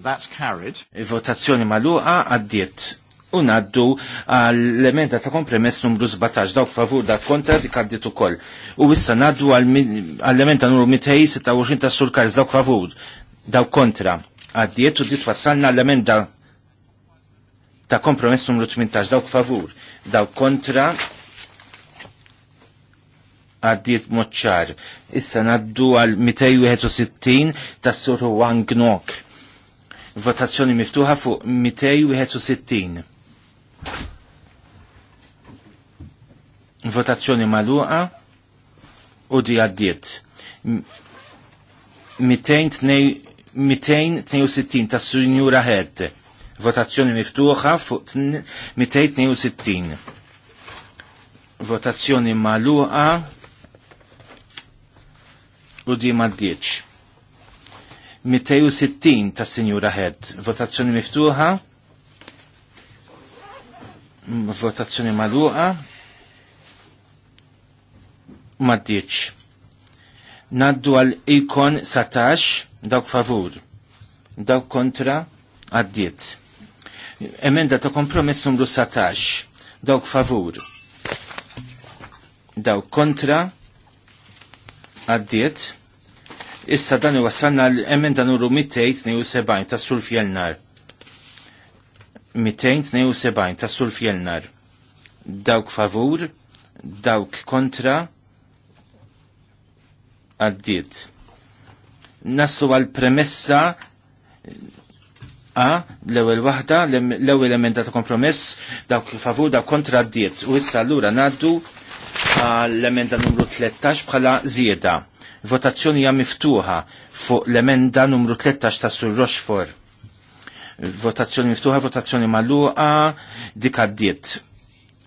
That's carried. Votazzjoni maluqa għaddiet. Unaddu għall-emenda ta' kompromess numru 17, dawk favur da' kontra dik għaddit ukoll. U issa naddu għall-emenda numru 226 ta' tas-Sur karz dawk favur, dawk kontra għaddietu dit wassalna l-emenda ta' kompromess numru 18 dawk favur, dawk kontra għaddiet moċċar. Issa naddu għal 261 ta' suru Wang Nok. Votazzjoni miftuħa fuq 261. Votazzjoni maluqa u di għaddiet. 262 ta' sinjura Head. Votazzjoni miftuħa fuq 262. Votazzjoni maluqa u di maddiċ. 260 ta' Sinjura Head. Votazzjoni miftuħa. Votazzjoni maluqa. Maddiċ. Naddu għal ikon satax dawk favur, dawk kontra, għaddiet. Emenda ta' kompromess numru 17, dawk favur, dawk kontra, għaddiet. Issa dan wasalna l-emenda numru 272 ta' sul fjellnar. 272 ta' sul fjellnar. Dawk favur, dawk kontra, għaddiet naslu għal premessa A, l ewwel waħda, l ewwel emenda ta' kompromess, dawk favur, dawk kontra d-diet. U issa l-ura naddu l-emenda numru 13 bħala zieda. Votazzjoni hija miftuħa fuq l-emenda numru 13 ta' Sur Rochefort. Votazzjoni miftuħa, votazzjoni magħluqa, dik għaddiet.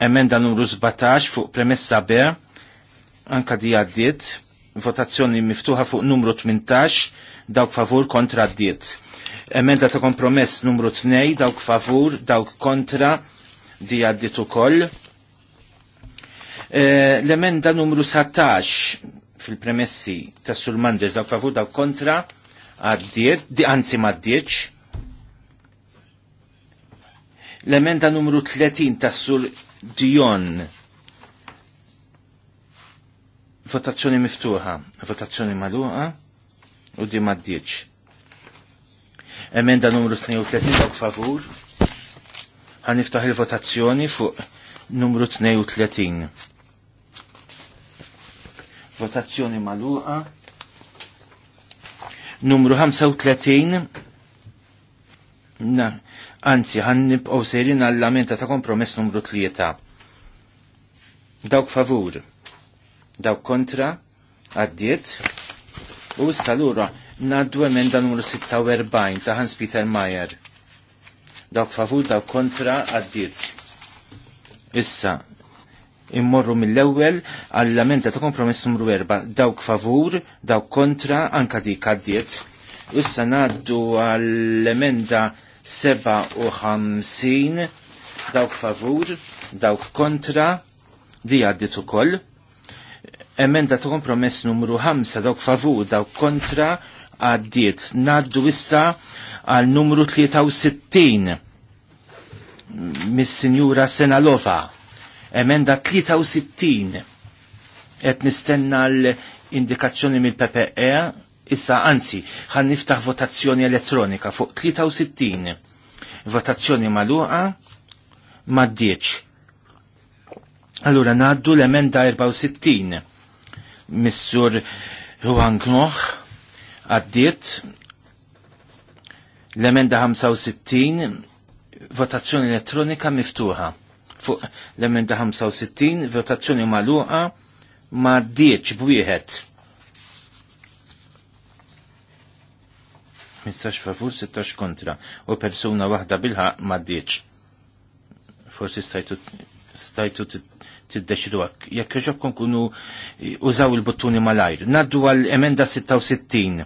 Emenda numru 17 fuq premessa B, anka di għaddiet votazzjoni miftuħa fuq numru 18 dawk favur kontra diet. Emenda ta' kompromess numru 2 dawk favur dawk kontra di għaddit ukoll. E, L-emenda numru 17 fil-premessi ta' sul-mandez dawk favur dawk kontra għaddiet, di anzi maddiċ. L-emenda numru 30 ta' sul-dion Votazzjoni miftuħa, votazzjoni maluqa u di maddieċ. Emenda numru 32 dawk favur. niftaħ il-votazzjoni fuq numru 32. Votazzjoni maluqa. Numru 35. Na, anzi, ħannibqgħu serin għall-lamenta ta' kompromess numru 3. Dawk favur daw kontra għaddiet u salura naddu emenda numru 46 ta' Hans Peter Mayer dawk favur daw kontra għaddiet issa immorru mill-ewwel għall-lamenta ta' kompromess numru 4 dawk favur dawk kontra anka dik għaddiet issa naddu għall-emenda 57 dawk favur dawk kontra di għaddit ukoll Emenda ta' kompromess numru 5 dawk favur dawk kontra għaddiet. Naddu issa għal numru 63 mis-sinjura Senalova. Emenda 63 et nistenna l-indikazzjoni mill-PPE issa anzi ħan niftaħ votazzjoni elettronika fuq 63 votazzjoni maluqa ma' 10. Allura naddu l-emenda 64 Missur Juan Knoch għaddiet l-emenda 65 votazzjoni elettronika miftuħa fuq l-emenda 65 votazzjoni maluqa ma' 10 bwieħed. 15 favur, 16 kontra, u persuna wahda bilħa maddiċ. Forsi stajtu tiddeċidu għak. Jekk ġobkom kunu eh, użaw il-buttuni malajr. Naddu għal emenda 66.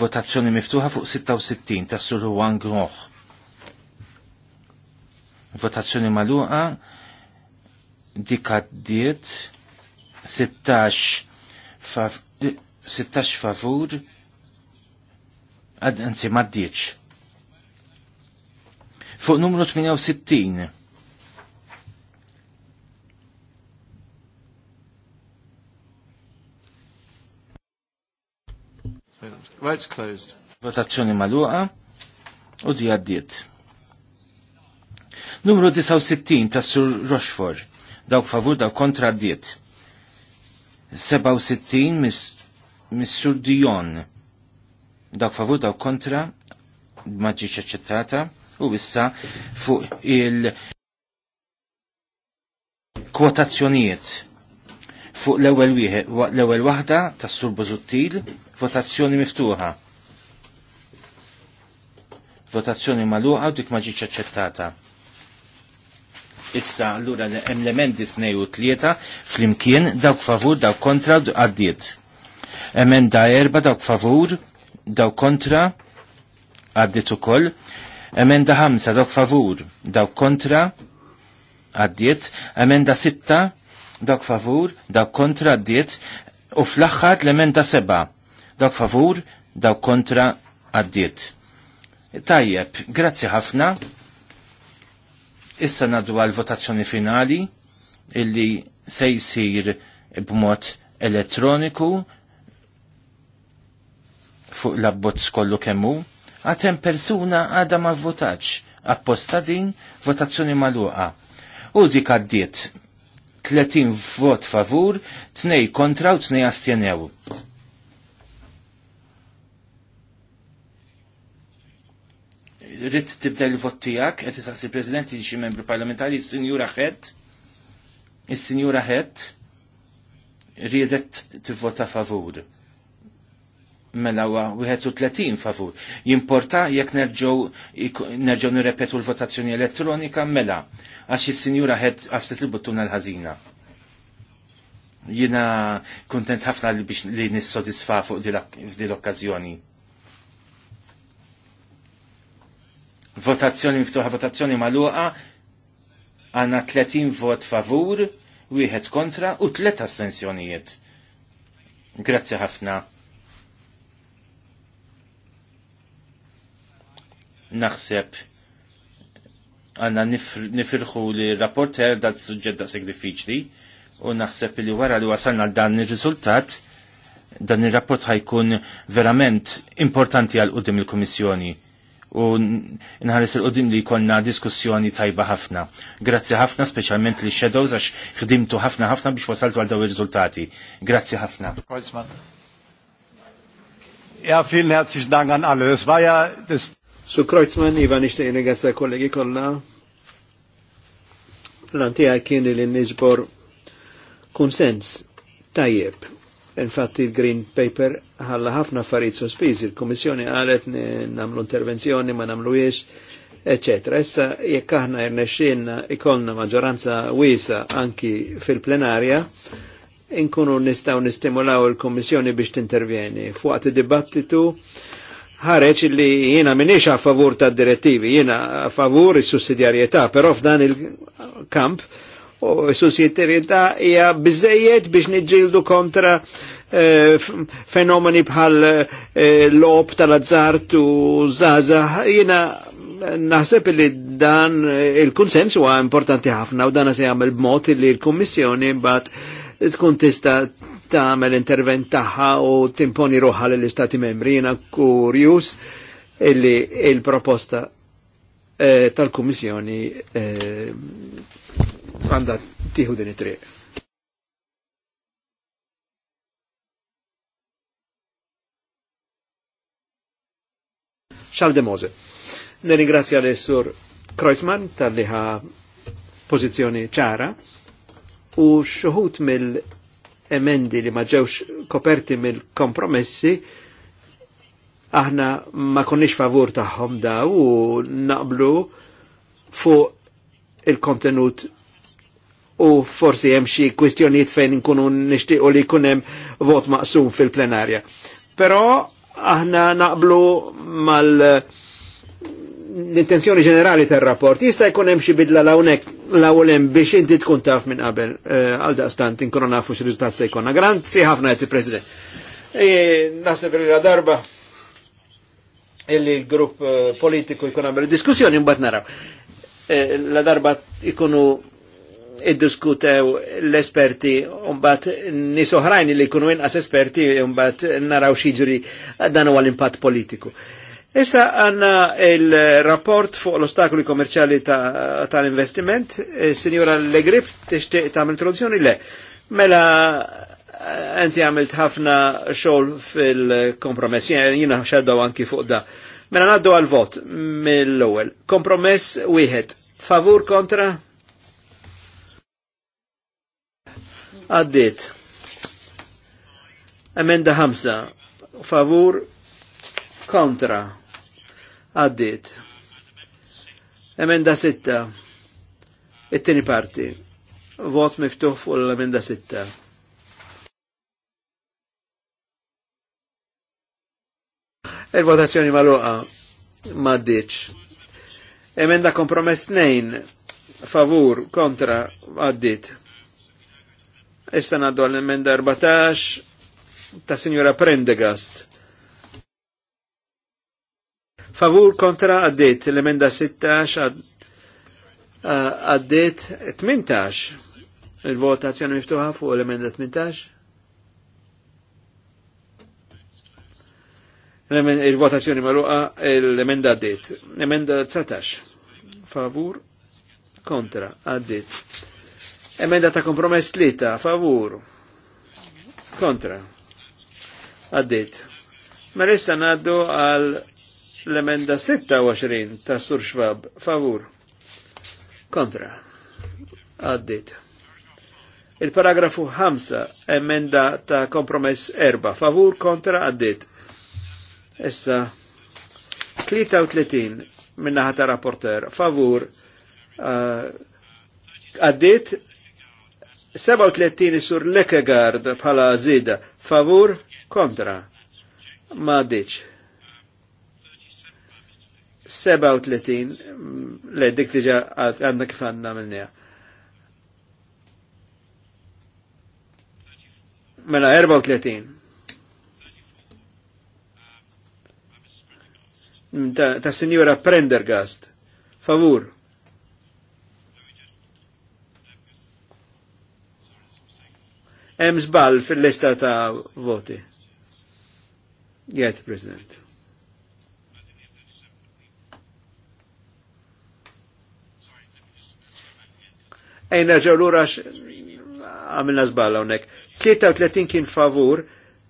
Votazzjoni miftuħa fuq 66 ta' Sur Juan Groħ. Votazzjoni maluqa dik għaddiet 16 16 eh, favur għad anzi maddieċ. Fuq numru 68 Votes closed. Votazzjoni maluqa u di għaddiet. Numru 69 ta' Sur Rochefort. Dawk favur, dawk kontra għaddiet. 67 mis, mis Sur Dion. Dawk favur, dawk kontra maġġiċ aċċettata u issa fuq il kwotazzjonijiet fuq l-ewwel wieħed l waħda tas-Sur Bozuttil votazzjoni miftuħa. Votazzjoni maluħa u dik ma ġietx aċċettata. Issa allura hemm l-emendi tnej u tlieta flimkien dawk favur dawk kontra għaddiet. Emenda erba dawk favur dawk kontra għaddiet ukoll. Emenda ħamsa dawk favur dawk kontra għaddiet. Emenda sitta dawk favur dawk kontra għaddiet u fl-axħar l-emenda seba Dawk favur, dawk kontra għaddiet. Tajjeb, grazzi ħafna. Issa naddu għal votazzjoni finali illi se jsir b'mod elettroniku fuq l-abbozz kollu kemmu. Għatem persuna għadha ma votaċ, apposta din votazzjoni maluqa. U dik għaddiet 30 vot favur, 2 kontra u 2 astjenew. rrit tibda l-vot tijak, għet jisaqs il-President li xie membru parlamentari, il-Sinjura ħed, il-Sinjura ħed, rridet t-vota favur. Mela wa 30 favur. Jimporta jekk nerġgħu nirrepetu l-votazzjoni elettronika mela għax is-sinjura ħed għafset il-buttuna l-ħażina. Jiena kuntent ħafna li biex li nissodisfa fuq din l-okkażjoni. Votazzjoni miftuħa, votazzjoni maluqa, għanna 30 vot favur, wieħed kontra u tlet astensjonijiet. Grazzi ħafna. Naħseb għanna nifirħu li rapporter dal suġġett da' diffiċli u naħseb li wara li wasalna dan il-riżultat dan il-rapport ħajkun verament importanti għal qudiem il-Komissjoni u nħares il qoddim li konna diskussjoni tajba ħafna. Grazzi ħafna, specialment li shadows għax ħdimtu ħafna ħafna biex wasaltu għal daw il-rizultati. Grazzi ħafna. Ja, vielen herzlichen Dank an alle. Das war ja das. Su Kreuzmann, Ivan, ich stehe għasta kollegi kolla. L-antija kien li nisbor konsens tajjeb Infatti il-Green Paper ħalla ħafna affarijiet sospiżi, il-Kummissjoni qalet namlu intervenzjoni ma namluwiex, eccetera. Issa jekk aħna rnexxinna ikollna maġġoranza wiesa anki fil-plenarja, inkunu nistgħu nistimulaw il-Kummissjoni biex tintervjeni. Fuqat id-dibattitu ħareġ li jiena minix a favur ta' direttivi, jiena a favur is sussidjarjetà però f'dan il-kamp u s susjetterjetà hija bizzejiet biex niġġieldu kontra eh, fenomeni bħal eh, l-op tal-azzart u zaza, jina naħseb li dan eh, il-konsens huwa importanti ħafna u dan se jagħmel b'mod li l-Kummissjoni mbagħad tkun tista' tagħmel intervent tagħha u timponi ruħa lill-Istati Membri. Jiena kurjus illi il-proposta tal-Kummissjoni għanda tieħu din it-triq. Charles de Mose. Neringrazzja l sur Kreuzmann tal-liħa pozizjoni ċara u xoħut mill-emendi li ma ġewx koperti mill-kompromessi aħna ma konniex favur taħħom da u naqblu fuq il-kontenut u forsi hemm xi kwistjonijiet fejn nkunu nixtiequ li jkun hemm vot maqsum fil-plenarja. Però aħna naqblu mal eh, l-intenzjoni ġenerali tar-rapport. Jista' jkun hemm xi bidla hawnhekk l-ewwel hemm biex inti tkun taf minn qabel eh, għal daqstant inkunu nafu x'riżultat se jkollna. Granzi ħafna qed il-President. E, naħseb li darba illi l-grupp eh, politiku jkun għamil diskussjoni mbagħad naraw. La darba ikunu iddiskutew l-esperti un-bat nisoħrajni li jkunu inqas esperti un-bat naraw xiġri dan huwa l-impatt politiku. Issa għanna il-rapport fuq l-ostakoli kommerċali tal-investiment, ta eh, signora Legrip, t tixtieq ta' introduzzjoni le. Mela, enti eh, għamilt ħafna xol fil kompromess jina xaddaw anki fuq da. Mela naddu għal-vot mill ewel Kompromess wieħed. Favur kontra? Għaddit. Emenda ħamsa. Favur kontra. Għaddit. Emenda sitta. It-tieni parti. Vot miftuħ fuq l-emenda sitta. Il-votazzjoni maluqa maddiċ. Emenda kompromess nejn, favur kontra għaddit. Issa naddu għal emenda 14 ta' Signora Prendegast. Favur kontra għaddit, l-emenda 16 għaddit 18. Il-votazzjoni miftuħa fuq l-emenda 18. Il-votazzjoni marruqa l-emenda għaddit. Emenda 19. Favur kontra għaddit. Emenda ta' kompromess tlita. favur. Kontra. Għaddit. Marissa mela naddu għal l-emenda 26 ta' Sur Schwab, favur. Kontra. Għaddit. Il-paragrafu 5, emenda ta' kompromess 4, favur kontra għaddit. Issa, 33 minna ħata rapporter, favur uh, għaddit, 37 sur Lekegard bħala zida, favur kontra. Ma diċ. 37, le dik diġa għandna kif għandna minnija. Mela 34. Mm, ta', ta Signora Prendergast. Favur. hemm żball fil-lista ta' voti. Jgħid, President. Ejna ġewlura għamilna żball hawnhekk. 33 kien favur,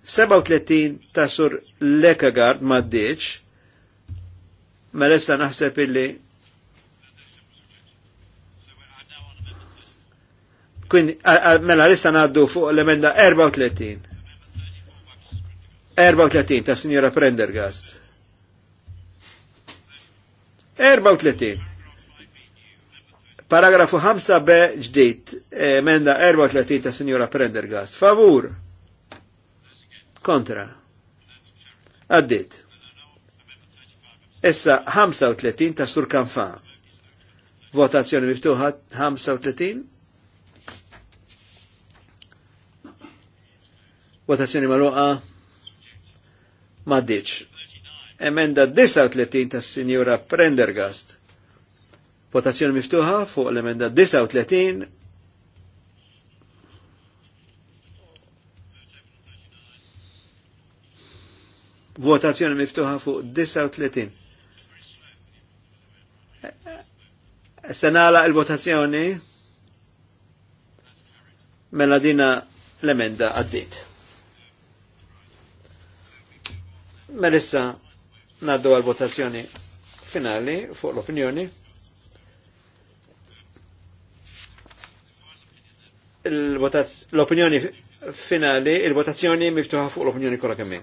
37 ta' sur Lekagard ma' diċ, ma' mela lessa naħseb illi Quindi, mela lissa naddu fuq l-emenda 34. 34 ta' signora Prendergast. 34. Paragrafu 5 b ġdid, emenda 34 ta' signora Prendergast. Favur. Kontra. Għaddit. Essa 35 ta' sur kanfan. Votazzjoni miftuħa 35? Votazzjoni maluqa maddiċ. Emenda 39 ta' Sinjura Prendergast. Votazzjoni miftuħa fuq l-emenda 39 votazzjoni miftuħa fuq 39. Senala il-votazzjoni mela dina l-emenda għaddit. Melissa naddu għal votazzjoni finali fuq l-opinjoni. L-opinjoni finali, il-votazzjoni miftuħa fuq l-opinjoni kolla kemmi.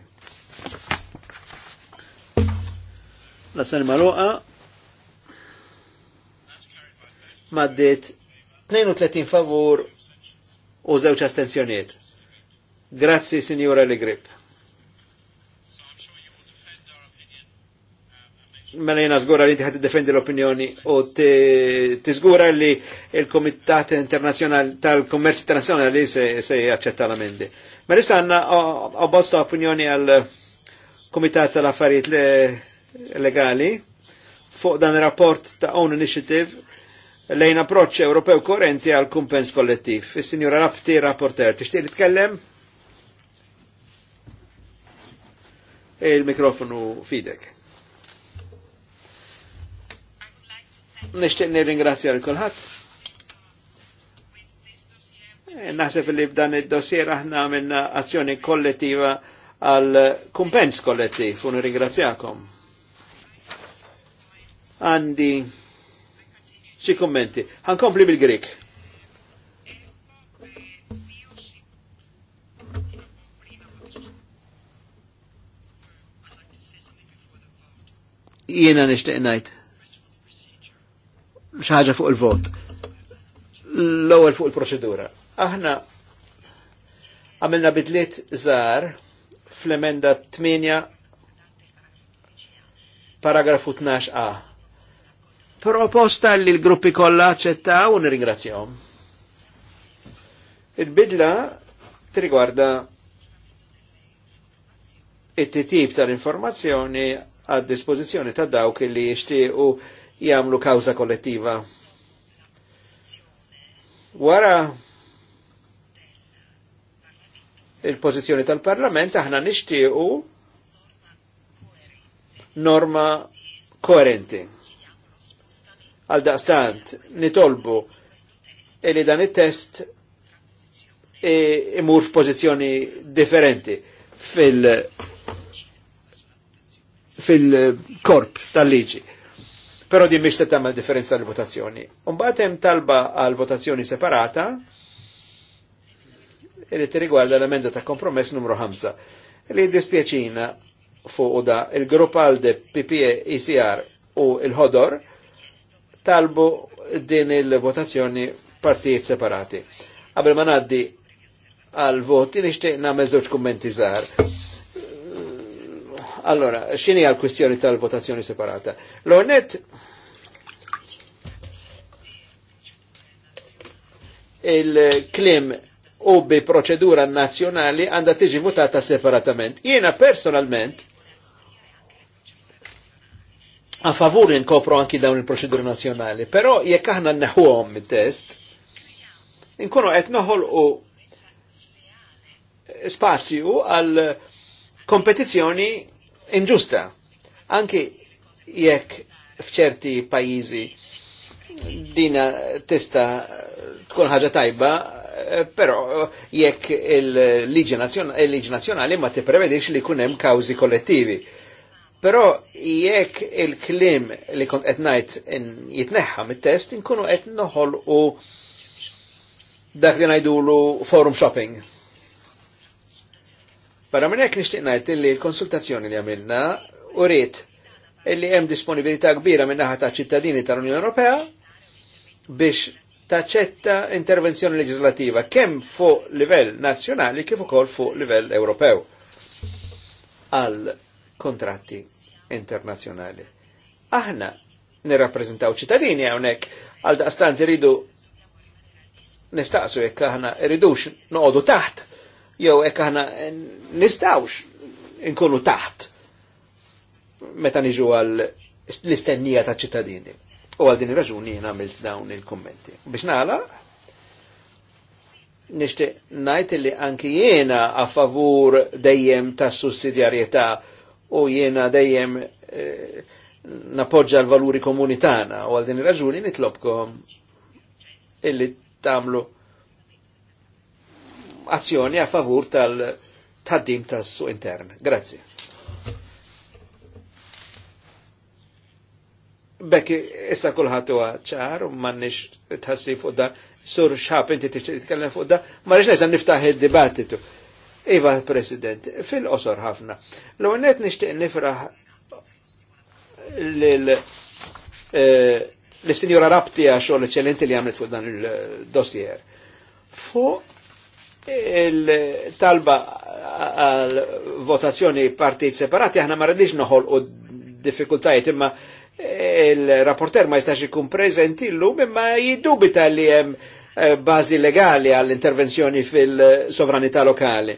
Nassani maluqa maddit 32 favur u zewċ astenzjoniet. Grazzi, Signora Legrip. mela jena zgura li ħad defendi l-opinjoni u tizgura li il-Komitat Internazjonali tal-Kommerċ Internazjonali se, se jaċċetta l-amendi. Ma mela rissa għanna abbozz ta' opinjoni għal Komitat tal-Affarijiet Legali fuq dan rapport ta' Own Initiative lejn approċċ Ewropew korrenti għal kumpens kollettiv. Is-Sinjura Rapti, rapporter, tixtieq tkellem? il-mikrofonu fidek. Nishtiq nirringrazzja l kulħadd. Eh, naħseb li b'dan id-dossier aħna għamilna azzjoni kollettiva għal kumpens kollettiv u nirringrazzjakom. Għandi xi kummenti. Ħankompli bil-Grik. jiena nishtiq najt xaħġa fuq il-vot. L-ewwel fuq il-proċedura. Aħna għamilna bidliet żgħar fl-emenda 8 paragrafu 12a. Proposta li l-gruppi kollha aċċettaw u nirringrazzjahom. Il-bidla trigwarda it-titib tal-informazzjoni għad dispożizzjoni ta' dawk li jixtiequ jgħamlu kawza kollettiva. Wara il pozizjoni tal-Parlament aħna nixtiequ norma koerenti. Għal daqstant nitolbu li dan it-test imur f'pożizzjoni differenti fil- fil-korp tal-liġi. Però di mhix se tagħmel differenza tal-votazzjoni. Un batem talba għal votazzjoni separata e li riguarda l-emenda ta' kompromess numru 5 li dispjaċina fuq da il-grupp għalde PPE ICR e u il-ħodor talbu din il-votazzjoni partijiet separati. Qabel ma ngħaddi għal voti nixtieq nagħmel żewġ kummenti żgħar Allora, xini għal kwestjoni tal-votazzjoni separata. L-ornet il-klim u bi proċedura nazjonali għanda tiġi votata separatament. Jena personalment a favur inkopru anki dawn il proċedura nazjonali, però jekk aħna neħuhom il-test, inkunu qed noħol u spazju għal kompetizzjoni inġusta. Anki jekk fċerti pajizi dina testa tkun ħaġa tajba, però jekk il-liġi nazjonali ma tipprevedix li kunem kawzi kollettivi. Però jekk il-klim li kont qed ngħid jitneħħa mit-test inkunu qed u dak li ngħidulu forum shopping Para minn hekk nixtieq ngħid li l-konsultazzjoni li għamilna u rrit illi hemm disponibilità kbira minn naħa ta' ċittadini tal-Unjoni Ewropea biex taċċetta intervenzjoni leġislativa kemm fuq livell nazzjonali kif ukoll fuq livell Ewropew għal kontratti internazzjonali. Aħna nirrappreżentaw ċittadini hawnhekk għal daqstant iridu nistaqsu jekk aħna iridux noqogħdu taħt jew hekk aħna nistgħux inkunu taħt meta niġu għal l-istennija ta' ċittadini. U għal din raġuni jien għamilt dawn il-kommenti. Biex nagħlaq nishti ngħid li anki jiena a favur dejjem tas sussidjarjetà u jiena dejjem eh, napoġġa l-valuri komunitana u għal din raġuni nitlobkom illi tagħmlu azzjoni a favur tal-taddim tas-suq intern. Grazie. Bekki, issa kullħat huwa ċar, m'għandniex tħassi fuq sur xab inti titkellem fuq ma neżan niftaħ dibattitu Iva, President, fil-qosor ħafna. L-għonet nixtieq nifraħ l-Sinjora eh, Rabtija xogħol eċċellenti li għamlet fuq dan il-dossier. Fuq il-talba għal votazzjoni partit separati aħna ma rridix noħol u diffikultajiet imma il-rapporter ma jistax ikun prezent l imma jidubita li hemm eh, bażi legali għall-intervenzjoni fil-sovranità lokali,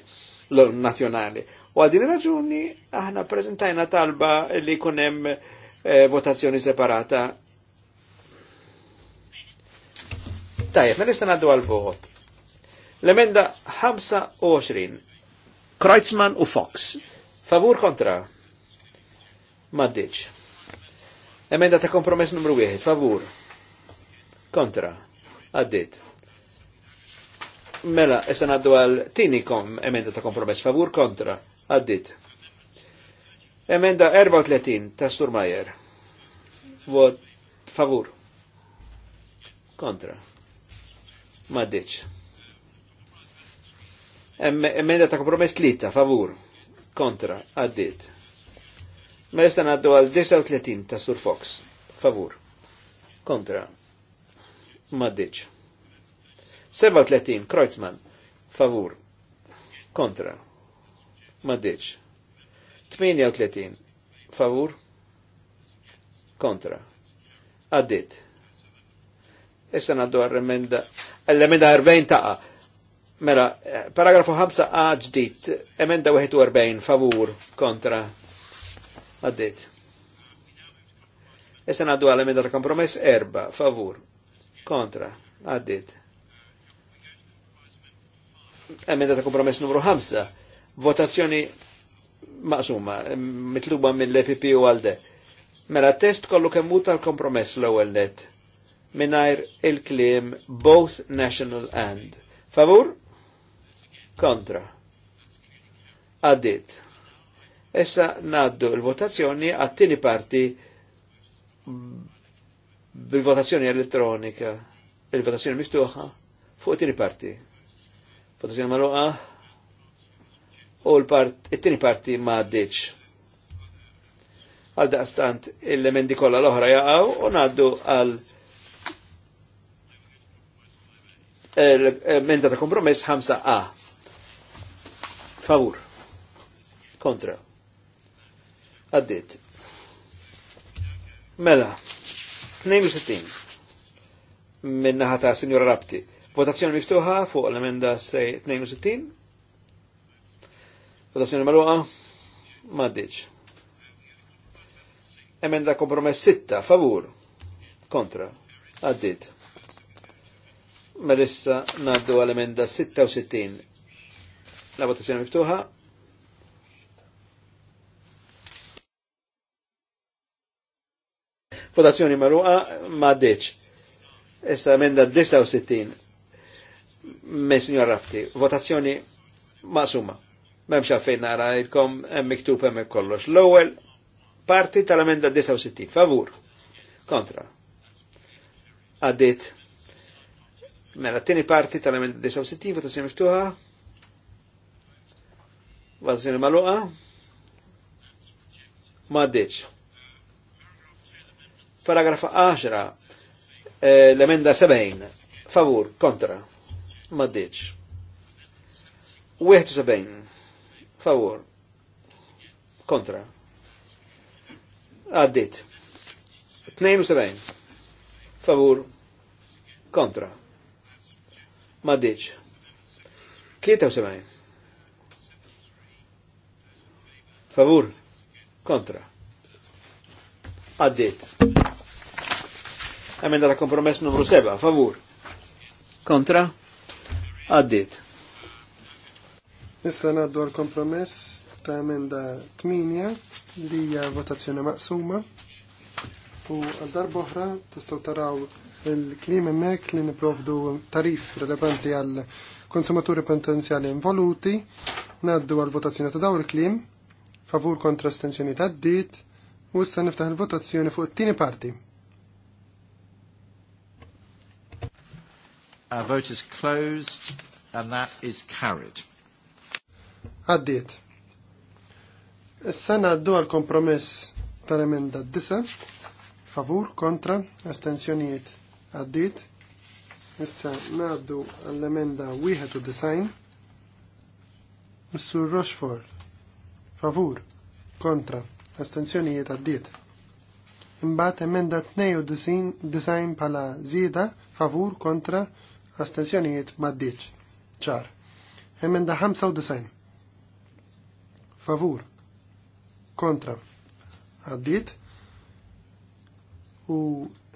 nazjonali. U għadin raġuni aħna prezentajna talba li kunem eh, votazzjoni separata. Tajja, ma nista' għaddu għal-vot. L-emenda 25. Kreuzmann u Fox. Favur kontra. Maddiċ. Emenda ta' kompromess numru 1. Favur. Kontra. Addit. Mela, essa għaddu għal tini kom emenda ta' kompromess. Favur kontra. Addit. Emenda 34 ta' Sturmajer. Vot favur. Kontra. Maddiċ emmenda ta' kompromess tlieta, favur, kontra, għaddit. Mela sta għaddu għal 39 ta' Sur Fox, favur, kontra, maddiċ. 37, Kreuzmann, favur, kontra, maddiċ. 38, favur, kontra, għaddit. Issa għaddu għal-remenda, għall-remenda 40 ta' Mela, paragrafu 5 a ġdid, emenda 41, favur, kontra, għaddit. Essen għaddu għal emenda kompromess erba, favur, kontra, għaddit. Emenda ta' kompromess numru 5, votazzjoni maqsuma, mitluba mill-EPP u għalde. Mela test kollu kemmu tal-kompromess l-ewel net, minnajr il-klim both national and. Favur? kontra. Għaddit. Issa naddu l-votazzjoni għattini parti bil-votazzjoni elettronika, il-votazzjoni miftuħa fuq it-tini parti. Votazzjoni maluqa u l-tini parti ma għaddiċ. Għal daqstant il-lemendi kolla l-oħra jaqaw u naddu għal menda ta' kompromess 5A. Favur. Kontra. Għaddit. Mela. 62. Minnaħa ta' Signora Rapti. Votazzjoni miftuħa fuq l-emenda 62. Votazzjoni marruqa. Maddiċ. Emenda kompromess 6. Favur. Kontra. Għaddit. Melissa naddu għal-emenda 66 La votazione miftuħa. Votazzjoni marruqa ma deċ. Issa emenda 69. Me signor Rafti. Votazzjoni maqsuma. M'em għalfejn nara jilkom hemm miktub hemm kollox. L-ewwel parti tal-emenda 69. Favur. Kontra. Għaddit. Mela t-tieni parti tal-emenda 69 votazzjoni miftuħa. Vazzini maluqa? Ma Paragraf 10, eh, l-emenda 70, favur, kontra, ma 71, favur, kontra. Għaddit. 72, favur, kontra. Ma ddiċ. 73, Favur. Kontra. Għaddit. Emenda ta' kompromess numru 7. Favur. Kontra. Għaddit. Issa naddu għal-kompromess ta' emenda 8 li hija votazzjoni maqsuma. U għal darboħra tistgħu taraw il-klim hemmhekk li niprovdu tarif relevanti għal konsumaturi potenzjali involuti, naddu għal votazzjoni ta' dawn il-klim favur kontra d-dit, u issa niftaħ il-votazzjoni fuq it-tieni parti. Our vote is closed and that is carried. Għaddiet. Issa addu għal kompromess tal-emenda d-disa, favur, kontra, astensjonijiet. Għaddiet. Issa ngħaddu għall-emenda wieħed u Rochefort favur, kontra, astenzjonijiet għaddiet. Imbagħad emenda 92 bħala zida. favur kontra astenzjonijiet m'għaddiċ. Ċar. Emenda 95. Favur. Kontra. Għaddiet. U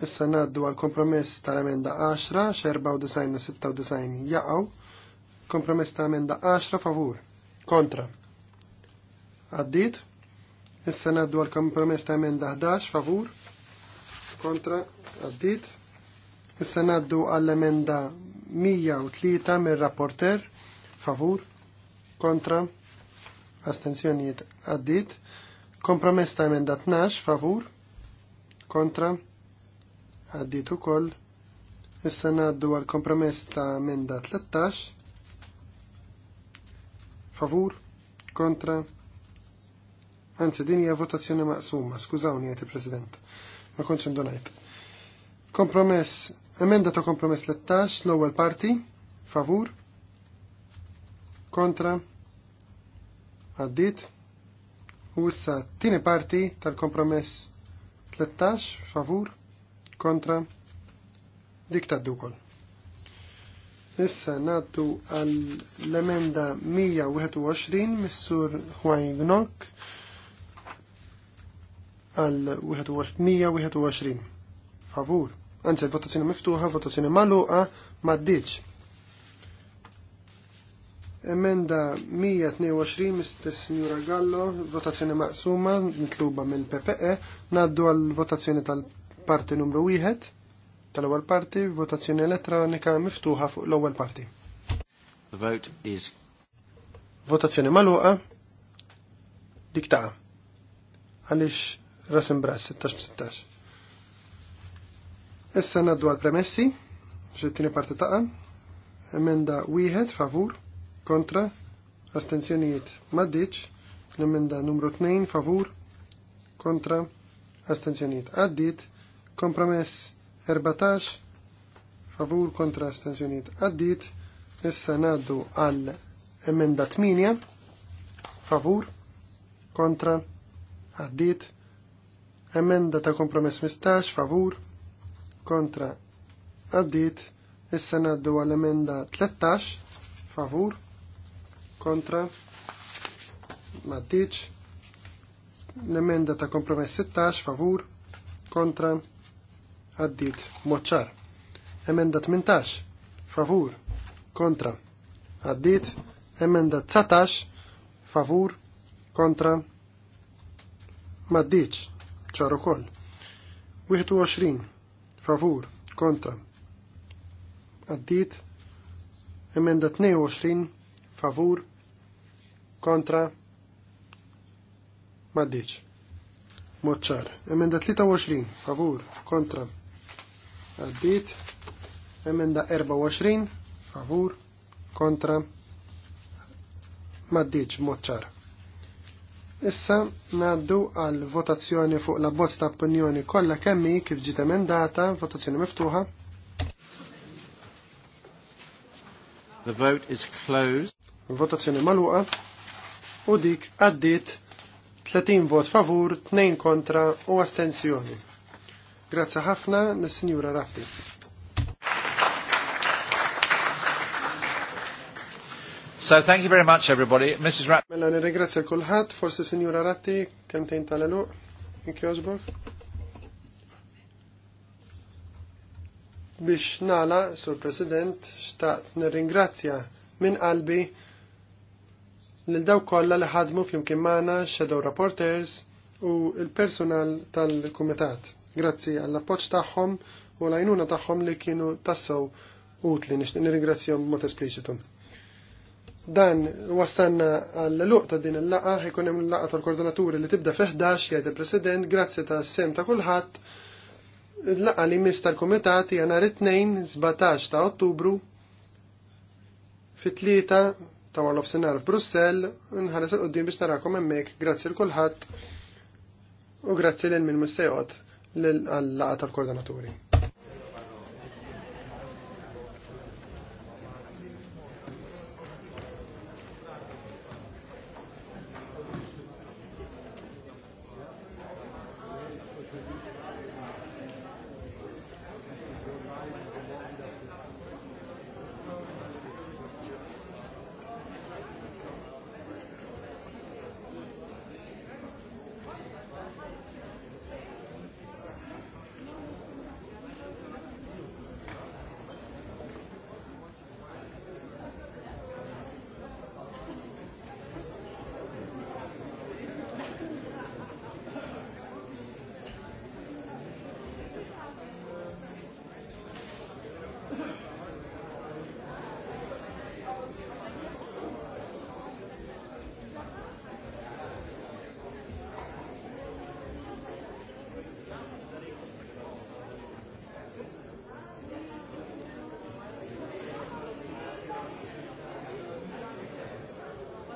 issa naddu għal kompromess tal-emenda 10, xerba u design jaqgħu. Kompromess ta' emenda 10 favur. Kontra. Għaddit. Issa naddu għal kompromess ta' emenda 11 favur. Kontra. Għaddit. Issa naddu għall emenda 103 mir rapporter favur. Kontra. Astenzjonijiet għaddit. Kompromess ta' emenda 12 favur. Kontra. Għaddit ukoll. Issa naddu għal kompromess ta' emenda 13 favur kontra Anzi, din hija votazzjoni maqsuma, skużawni għajti President. Ma konċ indunajt. Kompromess, emenda ta' kompromess 13, l-ewwel parti, favur, kontra, għaddit, u issa t-tieni parti tal-kompromess 13, favur, kontra, dik dukol. Issa naddu għall-emenda 121 missur Huajgnok, Gnok, għal 121. Favur. Anzi, votazzjoni miftuħa, votazzjoni maluqa, maddiċ. Emenda 122 mistess Signora Gallo, votazzjoni maqsuma, mitluba mill PPE, naddu għal votazzjoni tal-parti numru 1, tal-ewwel parti, votazzjoni elettronika miftuħa fuq l-ewwel parti. The vote is Votazzjoni maluqa, diktaqa għalix Rasim Brass, 16-16. Issa naddu għal-premessi, xittini parti taqa, emenda wieħed favur, kontra, astenzjonijiet maddiċ, l-emenda numru 2 favur, kontra, astenzjonijiet għaddit, kompromess 14, favur kontra astenzjonijiet għaddit, issa naddu għal emenda 8, favur, kontra, għaddit, Emenda ta' kompromess 15 favur kontra għaddit. Issa naddu għal-emenda 13 favur kontra maddiċ. L-emenda ta' kompromess 16 favur kontra għaddit. Moċċar. Emenda 18 favur kontra għaddit. Emenda 19 favur kontra maddiċ ċar ukoll. 21 favur kontra għaddit emenda 22 favur kontra maddiċ. Moċċar. Emenda 23, favur, kontra. Għaddit. Emenda 24, favur, kontra. Maddiċ, moċċar. Issa naddu għal votazzjoni fuq la bozz ta' opinjoni kollha kemmi kif ġiet emendata, votazzjoni miftuħa. The vote is closed. Votazzjoni maluqa u dik għaddiet 30 vot favur, 2 kontra u astensjoni. Grazzi ħafna nis-Sinjura Rafti. So thank you very much everybody. Mrs. Rat. Mela nirringrazzja kulħadd, forsi Signora Ratti, kemm tejn tal in inkjożbok. Biex nala, Sur President, xtaqt nirringrazzja minn qalbi lil daw kollha li ħadmu flimkien magħna shadow reporters u l-personal tal-kumitat. Grazzi għall-appoġġ tagħhom u l-għajnuna tagħhom li kienu tassew utli nixtieq nirringrazzjahom mot esplicitum. Dan wasanna għall-luqta din il-laqa, ħikun hemm il-laqa tal-koordinaturi li tibda fi 11 jgħid il-President, grazzi ta' sem ta' kulħadd. Il-laqa li mis tal-Kumitat hija nhar it-tnejn 17 ta' Ottubru fit-tlieta ta' Wall of Senar f'Brussell, nħares il-qoddim biex narakom hemmhekk, grazzi l kulħadd u grazzi lil min missejqod għall-laqa tal-koordinaturi.